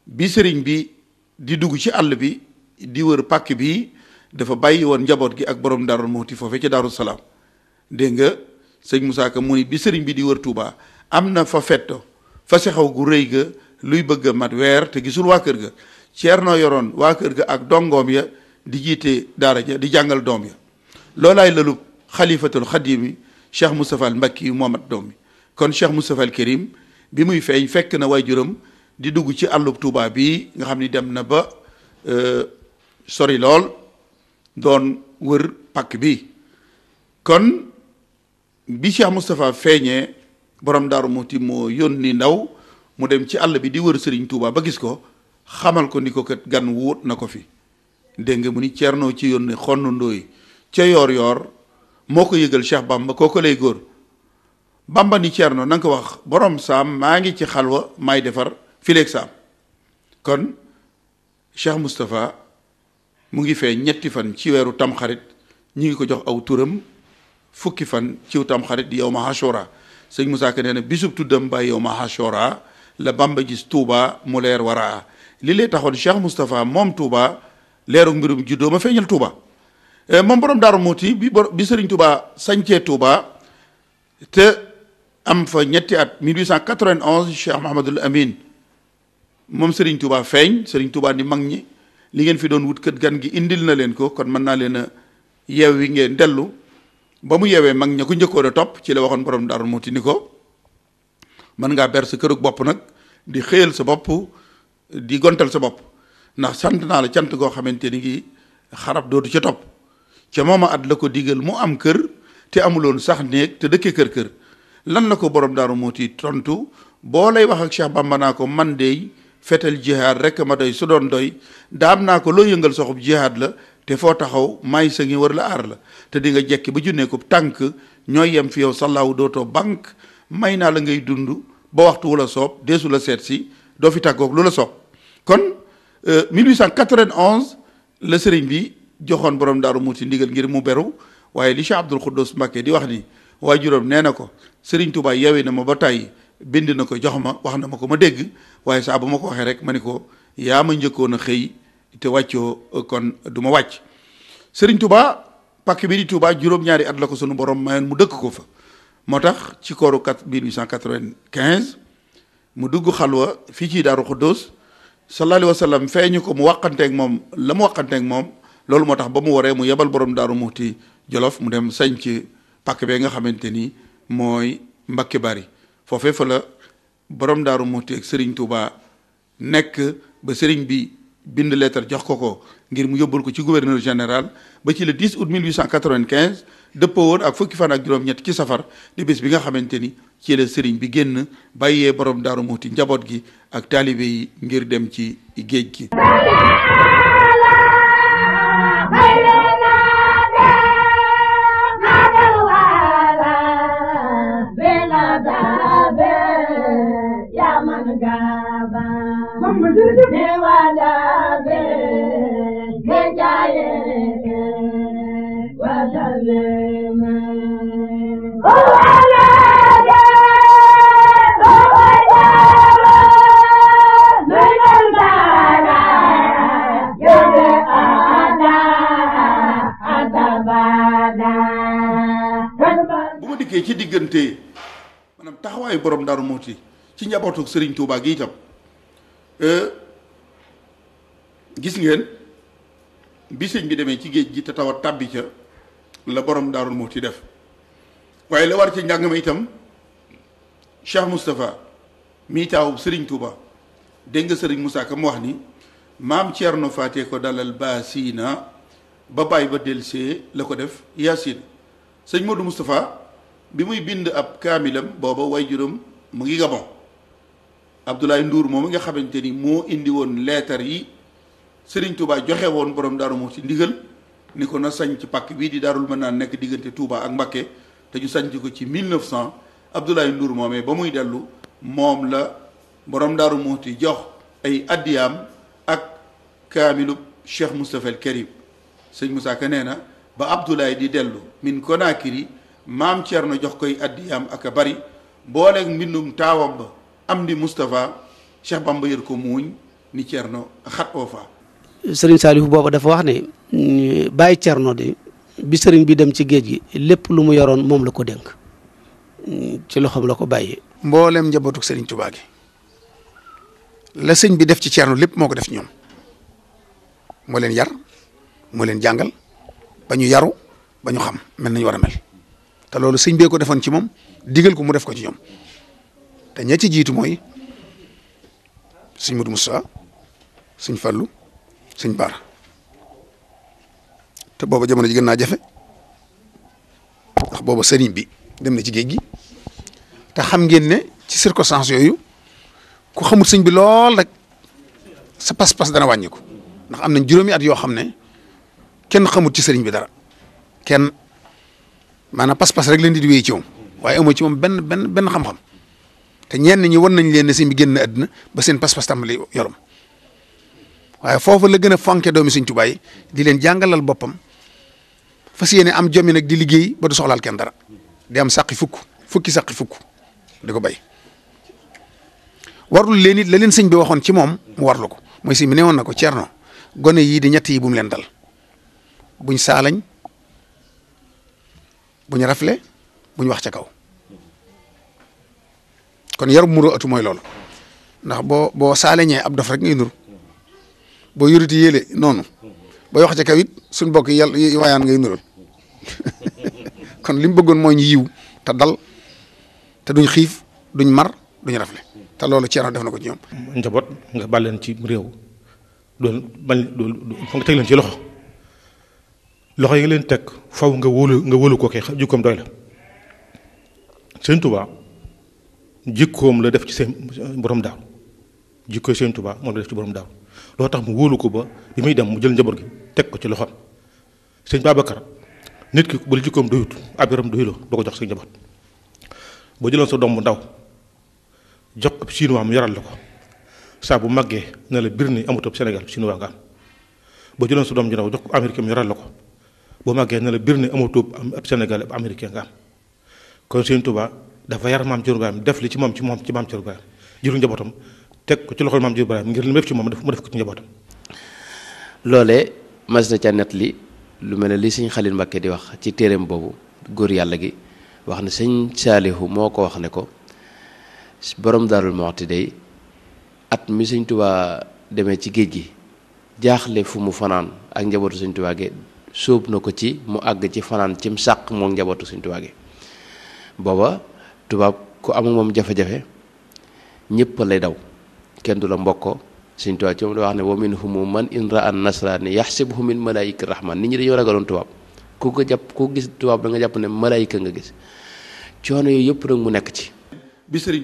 Speaker 2: bi sëriñ bi di dugg ci àll bi di wër pàkk bi dafa bàyyi woon njaboot gi ak boroom daarul Muxti foofe ci daaru salaam dégg nga sëñ Moussa Ka mu ni bi sëriñ bi di wër Touba am na fa fetto fa sexaw gu rëy ga luy bëgg a mat weer te gisul waa kër ga Ceerno yoroon waa kër ga ak dongoom ya di jiite daara ja di jàngal doom ya loolaay lalub xalifatul xadimi cheikh Moustapha al Mbakki moo mat doom yi kon cheikh Moustapha al bi muy feeñ fekk na waajuram di dugg ci àllub Tuuba bii nga xam ni dem na ba euh, sori lool doon wër pàkk bi kon bi Cheikh Moustapha feeñee borom Daaru Muhti moo yónni ndaw mu dem ci àll bi di wër sëriñ Touba ba gis ko xamal ko ni ko kat gan wut na ko fi dégg nga mu ni noo ci yónni xonn ndooy ca yoor yoor moo ko yëgal Cheikh Bamba kooku lay góor bamba ni Cerno na nga ko wax boroom saam maa ngi ci xalwa may defar fileeg saam kon Cheikh Moustapha mu ngi fee ñetti fan ci weeru tamxarit ñi ngi ko jox aw turam fukki fan ciw tamxarit di yow ma Ashura sëñ Moussa Ka nee na bisub tuddam ba yow ma Ashura la bamba gis tuuba mu leer waraa li lay taxoon Cheikh Moustapha moom tuuba leeru mbirum juddoo ma feeñal Touba eh, moom borom Touba te am fa ñetti at 1891 Cheikh Mouhamadul Amin moom Serigne Touba feeñ Serigne Touba ni mag ñi li ngeen fi doon wut kët gan gi indil na leen ko kon mën naa leen a yeew wi ngeen dellu ba mu yeewee mag ña ko njëkkoon a topp ci la waxoon borom Darou Mouti ni ko mën ngaa ber sa kërug bopp nag di xëyal sa bopp di gontal sa bopp ndax sant naa la sant goo xamante ni ngi xarab dootu ca topp ca mooma at la ko digal mu am kër te amuloon sax néeg te dëkkee kër kër. lan la ko borom daaru muuti tontu boo lay wax ak Cheikh Bamba naa ko man dey fetal jihaad rek ma doy su doon doy daam naa ko loo yëngal soxub jihaad la te foo taxaw may sa ngi war la aar la te di nga jekki ba junnee ko tànk ñoo yem fi yow sallaaw dootoo banque may naa la ngay dund ba waxtu wu la soob deesu la seet si doo fi tàggoog lu la soob kon 1891 euh, la sëriñ bi joxoon borom daaru muuti ndigal ngir mu beru waaye li Cheikh Abdoul Khoudous Mbacké di wax nii waaye juróom nee na ko sering touba yewé na ma batai tay bind na ko jox ma wax na ma ko ma dégg waaye bu ko rek ma ni ma te wàccoo kon duma ma wàcc sëriñ tuba pàkk bi di tuba juróom-ñaari at la ko sunu borom mayan mu dëkk ko fa moo ci koru 1895 mu dugg xalwa fi ci daru xuddoos sallallahu alaihi wasallam feñu ko mu waxante ak mom mu waxante ak mom lolou motax ba mu mu yebal borom daru muhti jolof mu dem sañ ci pak nga xamanteni mooy mbakki Bari foofee fa la borom daaru Muxti ak Serigne Touba nekk ba Serigne bi bind lettre jox ko ko ngir mu yóbbul ko ci gouverneur général ba ci le 10 août 1895 dëppoo woon ak fukki fan ak juróom-ñett ci safar di bés bi nga xamante ni ci la Serigne bi génn bàyyee borom daaru Muxti njaboot gi ak taalibe yi ngir dem ci géej gi. nekkee ci diggante maanaam taxawaayu borom Daaru Muxti ci njabootu Serigne Touba gi itam euh, gis ngeen bi sëñ bi demee ci géej gi te tawat tàbbi ca la borom Daaru Muxti def waaye la war ci njàng ma itam Cheikh Moustapha mii taawu Serigne Touba dégg nga Serigne Moussa Ka mu wax ni maam Thierno Faté ko dalal baasina ba bàyyi ba delsee la ko def Yacine sëñ Modou Moustapha. bi muy bind ab kaamilam booba waajuram mu ngi Gabon Abdoulaye Ndour moom nga xamante ni moo indi woon leetar yi Serigne Touba joxe woon borom daru mo ci ndigal ni ko na sañ ci pàkk bii di Daarul Manaan nekk diggante Touba ak Mbakke te ñu sañ ko ci 1900 Abdoulaye Ndour moomee ba muy dellu moom la borom daru mo ci jox ay addiyaam ak kaamilub Cheikh Moustapha El Karim sëñ Moussa Ka nee na ba Abdoulaye di dellu min Conakry maam Thierno jox koy addiyaam ak a bari booleek mbindum taawam ba am di Moustapha Cheikh Bamba yër ko muuñ ni Thierno xat oo fa
Speaker 4: sëriñ Saliou booba dafa wax ne bàyyi Thierno de bi sëriñ bi dem ci géej gi lépp lu mu yoroon moom la ko dénk ci loxoom la ko bàyyi mboolem njabootuk sëriñ Touba gi
Speaker 7: la sëñ bi def ci Thierno lépp moo ko def ñoom moo leen yar moo leen jàngal ba ñu yaru ba ñu xam mel nañ war a mel. te loolu sëñ bee ko defoon ci moom digal ko mu def ko ci ñoom te ña ci jiitu mooy sëñ Modou Moussa sëñ Fallou sëñ Baara te booba jamono ji gën naa jafe ndax booba sëriñ bi dem na ci géej gi te xam ngeen ne ci circonstance yooyu ku xamul sëñ bi lool rek sa pas-pas dana wàññi ko ndax am nañ juróomi at yoo xam ne kenn xamut ci sëriñ bi dara kenn. maanaam pas-pas rek leen di wéy ci moom waaye amoo ci moom benn benn benn xam-xam te ñenn ñi wan nañ leen ne sëñ bi génn àdduna ba seen pas-pas tàmbali waaye foofu la gën a fonke doomi sëñ Tuubaa yi di leen jàngalal boppam fas yéene am jomi nag di liggéey ba du soxlaal kenn dara di am saqi fukk fukki saqi fukk di ko bay warul leen it la leen sëñ bi waxoon ci moom mu warlu ko mooy sëñ bi newoon na ko Cerno gone yii di ñett yi bum mu leen dal buñ saalañ bu ñu rafle bu ñu wax ca kaw kon yarum muro atu mooy loolu ndax boo boo saaleñee ab dof rek ngay nur boo yuruti yéele noonu booy wax ca kaw it suñ bokk ngay nural kon li bëggoon mooy ñu yiw te dal te duñ xiif duñ mar duñ rafle te loolu Ceerno def na ko ci ñoom. njaboot nga bàl leen ci réew doon bal doon
Speaker 5: nga teg ci loxo. loxo yi leen teg faw nga wóolu nga wóolu ko kay jikkoom doy la sëñ Tuubaa jikkoom la def ci seen borom daaw jikkoy sëñ Tuubaa moom la def ci borom daaw loo tax mu wóolu ko ba bi muy dem mu jël njaboot gi teg ko ci loxoom sëñ Babacar nit ki bu la jikkoom doyut ab yaram doyuloo doo ko jox sa njaboot boo jëloon sa doom bu ndaw jox ko chinois mu yaral la ko saa bu màggee ne la bir ni amut ab Sénégal chinois nga am boo jëloon sa doom ju ndaw jox ko américain mu la ko boo màggee na la bir ne amatoo ab Sénégal ab américain nga am kon Sëriñ Tuubaa dafa yar maam Cerno Ibrahima def li ci moom ci moom ci maam Cerno Ibrahima juru njabootam teg ko ci loxol maam Cerno Ibrahima ngir li mu def ci moom mu def ko ci njabootam.
Speaker 6: loolee mas na ca net li lu mel ne li sëñ Xalil Mbàkke di wax ci téereem boobu góor yàlla gi wax ne sëñ Saalihu moo ko wax ne ko borom Daarul Muxti day at mi sëñ Tuubaa demee ci géej gi jaaxle fu mu fanaan ak njabootu sëñ Tuubaa gi sóob na ko ci mu àgg ci fanaan cim sàq moom njabootu suñ tubaab booba tubaab ku amul moom jafe-jafe ñëpp lay daw kenn du la mbokko suñ tubaab ci moom da wax ne wa minhum man in ra'a nasraani yaxsibuhu min malaayika rahman nit ñi dañoo ragaloon tubaab ku jàpp ku gis tubaab da nga jàpp ne malaayika nga gis coono yooyu yëpp nag mu nekk ci
Speaker 2: bi sëriñ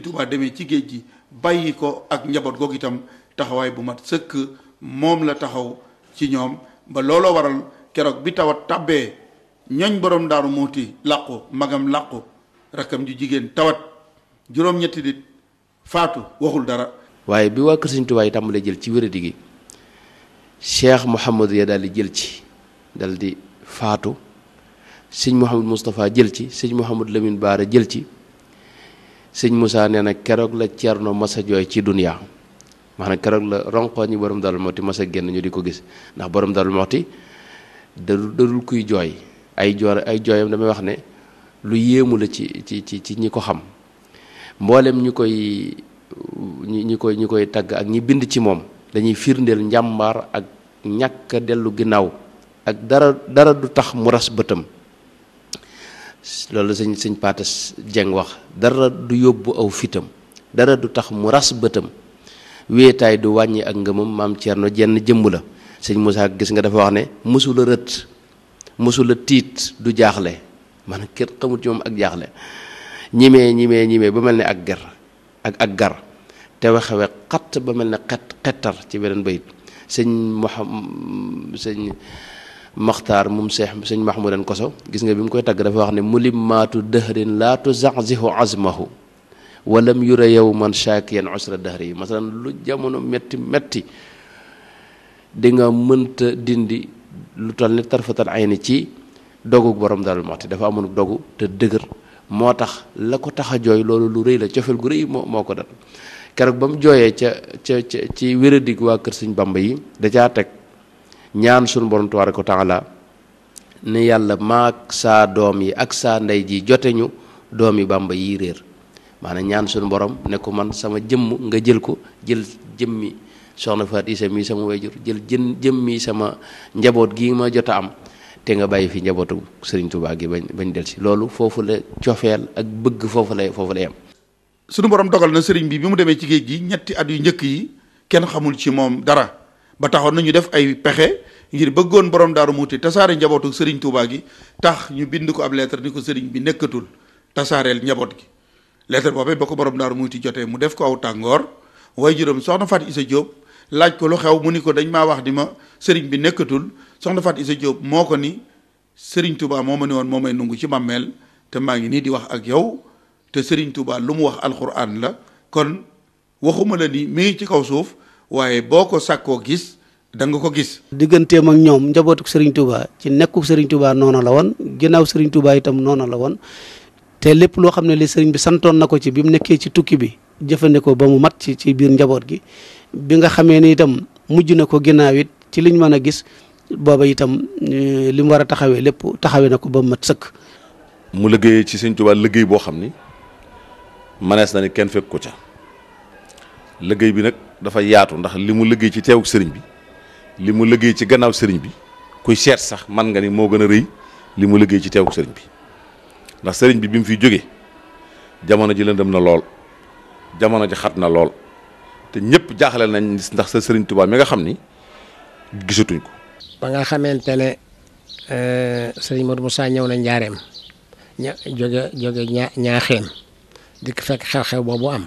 Speaker 2: ci géej gi bàyyi ko ak njaboot googu itam taxawaay bu mat sëkk moom la taxaw ci ñoom ba looloo waral keroog bi tawat tàbbee ñooñ borom daaru muuti làqu magam làqu rakkam ju jigéen tawat juróom-ñetti nit faatu waxul dara
Speaker 6: waaye bi waa kër Sëriñ Tuubaa yi tàmbalee jël ci wéradi gi cheikh Mouhamadou ya daal di jël ci dal di faatu sëñ Mouhamadou Moustapha jël ci sëñ Mouhamadou Lamine Baara jël ci sëñ Moussa nee na keroog la Ceerno masa jooy ci duniyaa maanaam keroog la ronqoo ñi borom Daaru Muxti masa génn ñu di ko gis ndax boroom Daaru Muxti dadul dadul kuy jooy ay joor ay jooyam damay wax ne lu yéemu la ci ci ci ci ñi ko xam mbooleem ñu koy ñi ñi koy ñi koy tagg ak ñi bind ci moom dañuy firndeel njàmbaar ak ñàkk dellu ginnaaw ak dara dara du tax mu ras bëtam loolu sëñ sëñ Paate Jeng wax dara du yóbbu aw fitam dara du tax mu ras bëtam wéetaay du wàññi ak ngëmam maam Ceerno jenn jëmm la sëñ Moussa gis nga dafa wax ne mësula rët mësula tiit du jaaxle maanaam kenn xamul ci ak jaaxle ñimee ñimee ñimee ba mel ne ak gar ak ak gar te waxewe xatt ba mel ne xet xettar ci beneen bayit sëñ Mouham sëñ moom seex sëñ Mahmoudan Koso gis nga bi mu koy tagg dafa wax ne mulimmaatu dëhrin laa tuzaxzihu azmahu walam yura yow man shaakiyan usra dëhri yi masalan lu jamono metti metti di nga mënta dindi lu toll ni tarfatal ay ni ci dogu borom Darou Mouhty dafa amoon dogu te dëgër moo tax la ko tax a jooy loolu lu rëy la cofeel gu rëy moo moo ko dal keroog ba mu jooyee ca ca ca ci wéradig waa kër Sëñ Bamba yi dajaa teg ñaan sunu borom tabaaraka wa taala ni yàlla maak saa doom yi ak saa ndey ji jote ñu doom yi Bamba yi réer maanaam ñaan sunu borom ne ko man sama jëmm nga jël ko jël jëmmi soxna fatise mi sama wayjur jël jën jëm mi sama njabot gi ma jota am te nga bayyi fi njabotu serigne touba gi bañ del si loolu foofu la ciofel ak bëgg fofu la fofu la yem
Speaker 2: sunu borom dogal na serigne bi bi mu demee ci geej gi ñetti at yu ñëk yi kenn xamul ci mom dara ba taxon nañu def ay pexé ngir bëggoon borom daaru muti tasaare njabotu serigne touba gi tax ñu bind ko ab lettre ni ko sëriñ bi nekkatul tasaareel njabot gi lettre bobé bako borom daaru muti jotee mu def ko aw tangor way soxna fatise isa laaj ko lu xew mu ni ko dañ maa wax di ma sëriñ bi nekkatul soxna fat isa diop moo ni sëriñ tuba moo ma ni woon moo may nungu ci bàmmeel te maa ngi ni di wax ak yow te sëriñ tuba lu mu wax alquran la kon waxuma la ni mi ngi ci kaw suuf waaye boo ko sàkkoo gis da nga ko gis
Speaker 4: digganteem ak ñoom njabootuk sëriñ tuba ci nekkuk sëriñ tuba noona la woon ginnaaw sëriñ tuba itam noona la woon te lépp loo xam ne li sëriñ bi santoon na ko ci bi mu ci tukki bi jëfandikoo ba mu mat ci ci biir njaboot gi bi nga xamee ni itam mujj na ko ginnaaw it ci liñ mën a gis booba itam eh, li mu war a taxawee lépp taxawee na ko ba mu mat sëkk.
Speaker 3: mu liggéey ci Sëñ Tuubaa liggéey boo xam ni manees na ni kenn fekk ko ca liggéey bi nag dafa yaatu ndax li mu liggéey ci teewuk sëriñ bi li mu liggéey ci gannaaw sëriñ bi kuy seet sax man nga ni moo gën a rëy li mu liggéey ci teewuk sëriñ bi ndax sëriñ bi bi mu fi jógee jamono ji lëndëm na lool jamono ji xat na lool. te ñëpp jaaxle nañ ndax sa sëriñ Tuubaa mi nga xam ni gisatuñ ko.
Speaker 8: ba nga xamante ne euh, sëriñ Modou saa ñëw na njaareem ña jóge jóge ña ñaaxeem dikk fekk xew-xew boobu am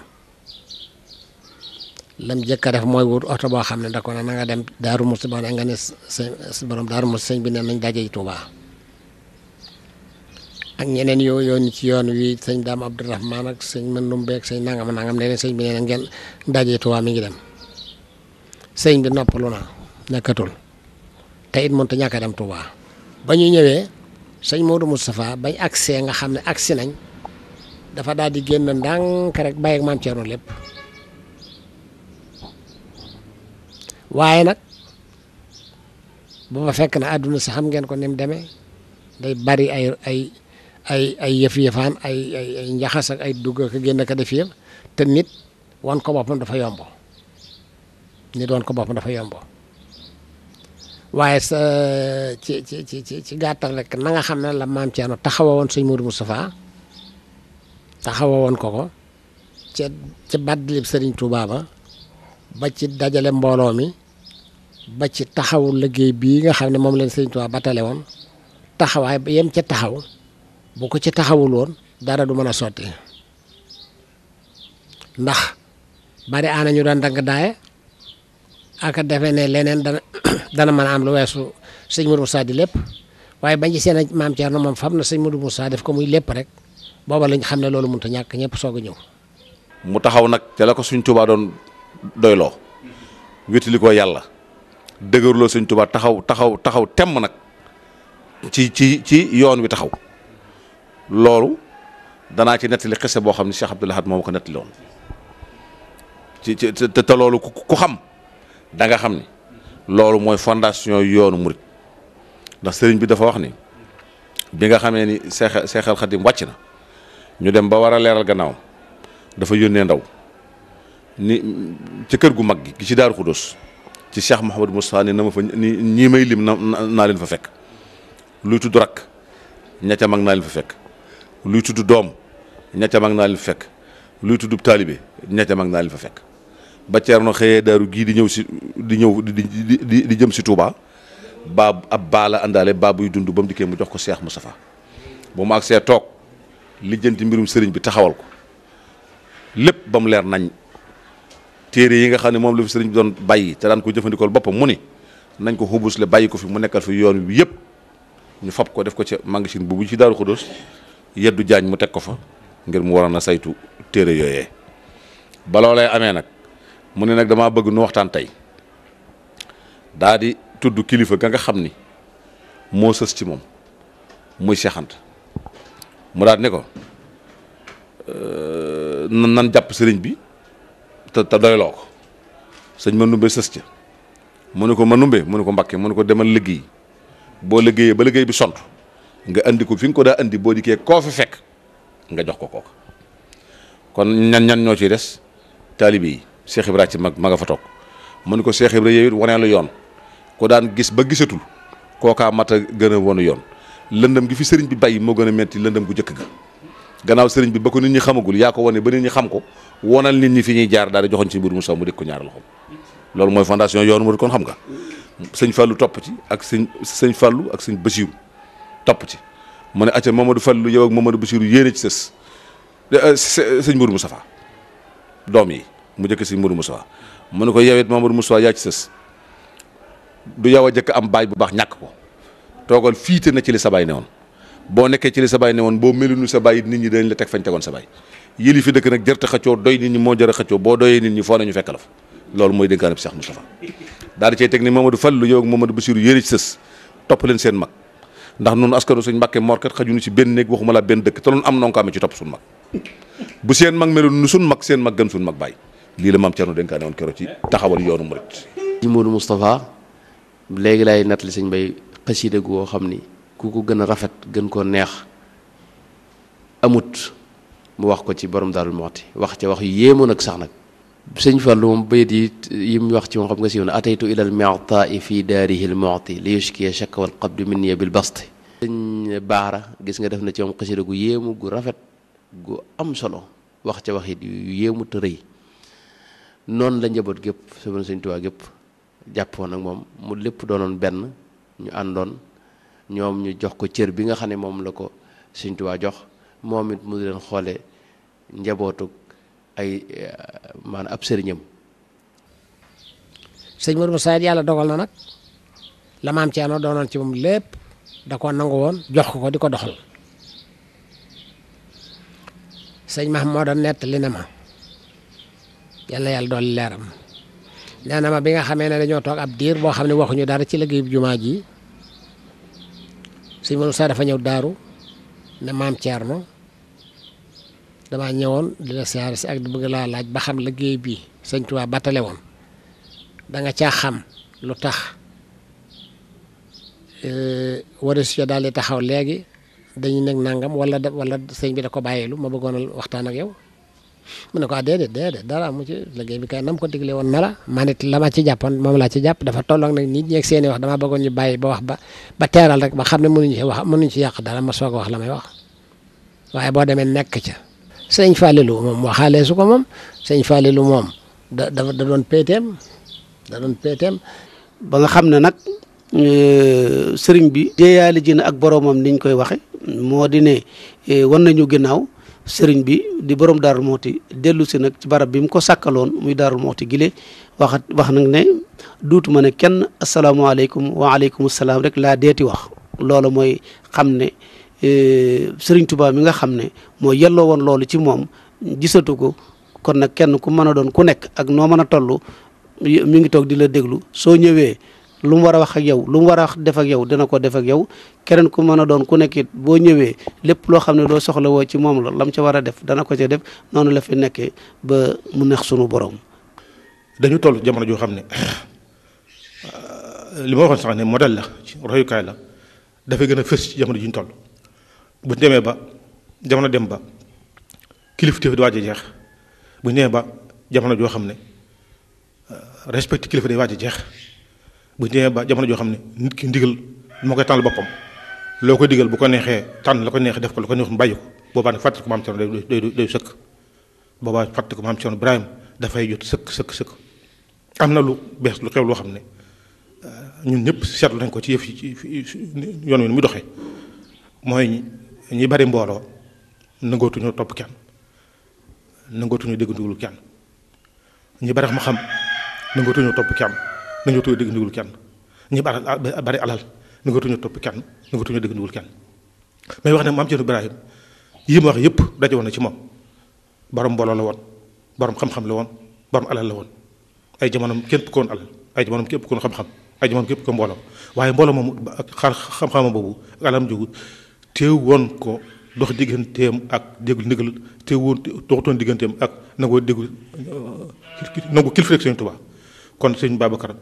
Speaker 8: lam jëkk a def mooy wut oto boo xam ne da ko na nga dem Daaru Muxti ba nga ne sa borom Daaru Muxti sëñ bi ne nañ daje Tuubaa. ak ñeneen yoo yoon ci yoon wi sëñ daam Abdourahman ak sëñ Mandoum beeg sëñ nangam nangam nee na sëñ bi nee na ngeen dajee Tuubaa mi ngi dem sëñ bi noppalu na nekkatul te it mënut a ñàkk dem Tuubaa ba ñu ñëwee sëñ Maodo Moustapha bañ agsee nga xam ne agsi nañ dafa daal di génn ndànk rek bàyyi ak maam Thierno lépp waaye nag booba fekk na àdduna si xam ngeen ko ni mu demee day bari ay. ay ay yëf yëfaan ay ay ay njaxas ak ay dugg ak génn ka def yëf te nit wan ko boppam dafa yombo nit wan ko boppam dafa yombo waaye sa ci ci ci ci gàttal rek na nga xam ne la maam Thierno taxawa woon sëñ Mourou Moustapha taxawa woon ko ko ci ca baddilib sëriñ Touba ba ci dajale mbooloo mi ba ci taxawu liggéey bii nga xam ne moom leen sëriñ Touba ba tale woon taxawaay yem ca taxaw bu ko ci taxawul woon dara du mën a sotti ndax bari aana ñu daan dagg daaye aka defe ne leneen dana dana mën a am lu weesu sëñ Modou Moussa di lépp waaye bañ ci seen maam na moom fam na sëñ Modou saa def ko muy lépp rek booba lañ xam ne loolu mun a ñàkk ñëpp soog a ñëw.
Speaker 3: mu taxaw nag te la ko suñ tubaa doon doyloo wétali ko yàlla dëgërloo suñ tubaa taxaw taxaw taxaw temm nag ci ci ci yoon wi taxaw. loolu danaa ci nettali xese boo xam ne Cheikh Abdoul Ahad moom ko nettali woon ci ci te loolu ku xam danga xam ni loolu mooy fondation yoonu murit ndax sëriñ bi dafa wax ni bi nga xamee ni Seex Seexal Xadim wàcc na ñu dem ba war a leeral gannaaw dafa yónnee ndaw ni ci kër gu mag gi gi ci Daaru Xudóos ci Cheikh Mouhamadou Moustapha ni na ma fa ni ñii may lim na naa leen fa fekk luy tudd rakk ña ca mag naa leen fa fekk luy tudd doom ñetta mag naa leen fa fekk luy tudd taalibe ñetta mag naa leen fa fekk ba Ceerno xëyee daaru gii di ñëw si di ñëw di di jëm si Touba ba ab baala àndaale ba buy dund ba mu dikkee mu jox ko Seex mu Mustafa bu mu agsee toog lijjanti mbirum sëriñ bi taxawal ko lépp ba mu leer nañ téere yi nga xam ne moom la fi sëriñ bi doon bàyyi te daan ko jëfandikool boppam mu ni nañ ko xubus le bàyyi ko fi mu nekkal fi yoon wi yëpp ñu fab ko def ko ca magasin bu bu ci daaru Xudóos yeddu jaañ mu teg ko fa ngir mu waroon a saytu téere yooyee ba loolee amee nag mu ne nag damaa bëgg nu waxtaan tey daadi tudd kilifa ga nga xam ni moo sës ci moom muy Cheikh Anta mu daal ne ko euh, nan nan jàpp sëriñ bi te te doyloo ko sëñ ma numbe sës ca mu ne ko ma numbe mu ne ko mbakke mu ne ko demal liggéey boo liggéeyee ba liggéey bi sont nga indi ko fi nga ko daa indi boo dikkee koo fi fekk nga jox ko kooku kon ñan ñan ñoo ciy des taalibe yi Cheikh Ibra ci mag ma nga fa toog mu ni ko Cheikh Ibra yow it wanee yoon ko daan gis ba gisatul kookaa mat a gën a wonu yoon lëndëm gi fi sëriñ bi bay moo gën a metti lëndëm gu jëkk ga gannaaw sëriñ bi ba ko nit ñi xamagul yaa ko wane ba nit ñi xam ko wonal nit ñi fi ñuy jaar daal di joxoñ ci mbir mu saw mu dégg ko ñaari loxo loolu mooy fondation yoon mu kon xam nga sëñ Fallou topp ak sëñ sëñ Fallou ak sëñ Basiru topp ci mu ne acca Mamadou Fallou yow ak Mamadou Bassirou yéene ci sës euh, sëñ Mourou Moustapha doom yi mu jëkk sëñ Mourou Moustapha mu ne ko yow it Mamadou Moustapha yaa ci sës du yow a jëkk am baay bu baax ñàkk ko toogal fiite na ci li sa baay boo nekkee ci sa baay newoon boo melunu sa baay nit ñi dañ la teg fañ tegoon sa fi dëkk nag jërte xëccoo doy nit ñi moo jër a xëccoo boo doyee nit ñi foo nañu fekk la fa loolu mooy dénkaanab Cheikh Moustapha daal di cay teg ni Mamadou Fallou yow ak Mamadou Bassirou yéene ci sës topp leen seen mag ndax noonu askanu suñ mbàkke morkat xajunu ci benn néeg waxuma la benn dëkk te loolu am noo ko amee ci topp suñ mag bu seen mag meloon nu suñ mag seen mag gën suñ mag bàyyi lii la maam Cerno
Speaker 6: dénkaane woon keroog ci taxawal yoonu murit sëñ Moodu Moustapha léegi laay nattali sëñ bay xasida gu woo xam ni ku ko gën a rafet gën koo neex amut mu wax ko ci borom Daaru Muxti wax ca wax yu yéemoon ak sax nag sëñ Fallu moom bayit yi yi wax ci moom xam nga siiw na ataytu ilal mi'ta'i fi daarihi al-mu'ti li yushkiya shakwa al-qabdi minni bil basti sëñ baara gis nga def na ci moom xasida gu yéemu gu rafet gu am solo wax ca waxit yu yéemu te rëy noonu la njaboot gépp sama sëñ Tuubaa gépp jàppoon ak moom mu lépp doonoon benn ñu àndoon ñoom ñu jox ko cër bi nga xam ne moom la ko sëñ Tuubaa jox moom it mu leen xoole njabootu ay eh, man ab serignam
Speaker 8: sëñ Mourou Moussa yalla dogal na nak la maam do doonoon ci mom lepp da ko nangu won jox ko ko doxal sëñ mahmoud nettali na ma yàlla yalla dool leeram nee na ma bi nga xamé né dañu tok ab dir bo xamné waxu ñu dara ci liggéeyu juma ji sëñ Mourou Moussa fa ñew daru ne mam Thierno dama ñëwoon di la siyaare si ak di bëgg laa laaj ba xam liggéey bi sëñ tuba batale woon da nga caa xam lu tax e, waris ya daal di taxaw léegi dañu nekk nangam wala da wala sëñ bi da ko bàyyeelu ma bëggoon waxtaan ak yow mu ne ko ah, déedéet déedéet dara mu ci liggéey bi kay nam ko digle woon na la man la ma ci jàppoon moom laa ci jàpp dafa tolloog nag nit ñeeg seeni wax dama bëggoon ñu bàyyi ba wax ba ba teeral rek ba xam ne mënuñu ci wax mënuñu ci yàq dara ma soog a wax la may wax waaye boo demee nekk ca sëñ Fallilou moom waxaalee su ko moom sëñ Fallilou moom da da doon peeteem ba nga xam ne nag
Speaker 4: euh, sëriñ bi. jéeyaale ji na ak boromam niñ koy waxe moo di ne euh, wan nañu ginnaaw sëriñ bi di borom Darou Mouhty dellu si nag ci barab bi mu ko sàkkaloon muy Darou Mouhty gile waxat wax nag ne duutuma ne kenn asalaamaaleykum waaleykum salaam rek laa deeti wax loolu mooy xam ne. E, sëriñ Touba mi nga xam ne moo yelloo woon loolu ci moom gisatu ko kon nag kenn ku mën a doon ku nekk ak noo mën a tollu mu ngi toog di la déglu soo ñëwee lu mu war a wax ak yow lu mu war a def ak yow dina ko def ak yow keneen ku mën a doon ku nekkit boo ñëwee lépp loo xam ne doo soxla woo ci moom la lam ca war a def dana ko ca def noonu la fi nekkee ba mu neex sunu borom. dañu toll jamono joo xam ne
Speaker 5: li ma waxoon sax ne modèle la royukaay la dafay gën a fës ci jamono ji ñu toll. bu ñu demee ba jamono dem ba kilifteef di waaj a bu ñu ba jamono joo xam ne euh, respecté kilifa day waaj jeex bu ñu demee ba jamono joo xam ne nit ki ndigal moo koy tànn boppam loo ko digal bu ko neexee tànn la ko neexee def ko la ko neex mu bàyyi ko boobaa nag fàttali ko maam Cerno day day sëkk boobaa fàttali ko maam Cerno dafay jot sëkk sëkk sëkk am na lu bees lu xew loo xam ne euh, ñun ñëpp seet nañ ko ci yëf yi yoon wi nu muy doxee ñi bari mbooloo nangootuñu topp kenn nangootuñu dégg ndigul kenn ñi bari xam-xam nangootuñu topp kenn nangootuñu dégg ndigul kenn ñi bari alal nangootuñu topp kenn nangootuñu dégg ndigul may wax ne maam Cerno Ibrahim yi mu wax yëpp daje woon na ci moom borom mbooloo la woon borom xam-xam la woon borom alal la woon ay jamonoom képp koon alal ay jamonoom képp koon xam-xam ay jamonoom képp ko mbooloo waaye mbooloo moom ak xam-xamam boobu ak alalam jógu teew woon ko dox digganteem ak déglu ndigal te woon doxutoon digganteem ak nangoo déglu euh, nangu kilifa Sëriñ Tuubaa kon sëñ Babacar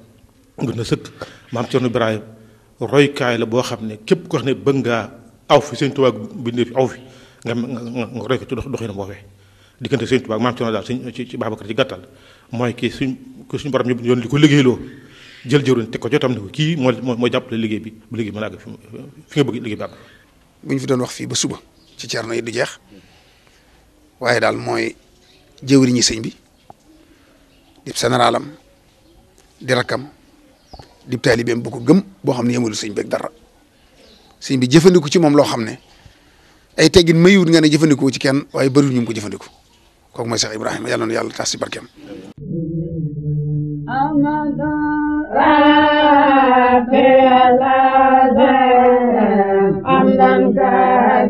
Speaker 5: gën na sëkk maam Cerno Ibrahima roykaay la boo xam ne képp ko ne bëgg ngaa aw fi Sëriñ Tuubaa bindee fi fi nga nga roy ko ci dox doxinam boobee diggante Sëriñ Tuubaa ak gàttal mooy kii suñ ko suñu borom ñu yoon li ko liggéeyloo jël jëwriñ te ko jotam ne ko kii moo moo jàppale liggéey
Speaker 7: bi bu liggéey mën a àgg fi nga bëgg liggéey bi àgg buñ fi doon wax fi ba suba ci cerno yi du jeex waaye daal mooy ñi sëñ bi dib généralam di rakam dib talibem bu ko gëm boo xam ne yemul sëñ beeg dara sëñ bi jëfandiku ci moom loo xam ne ay teggin mayuut nga ne jëfandikoo ci kenn waaye bëriwul ñu ko jëfandiku kooku mooy Cheikh Ibrahima yàlla na yàlla tas barkeem.
Speaker 1: Amada, ಗಂಗಾಯ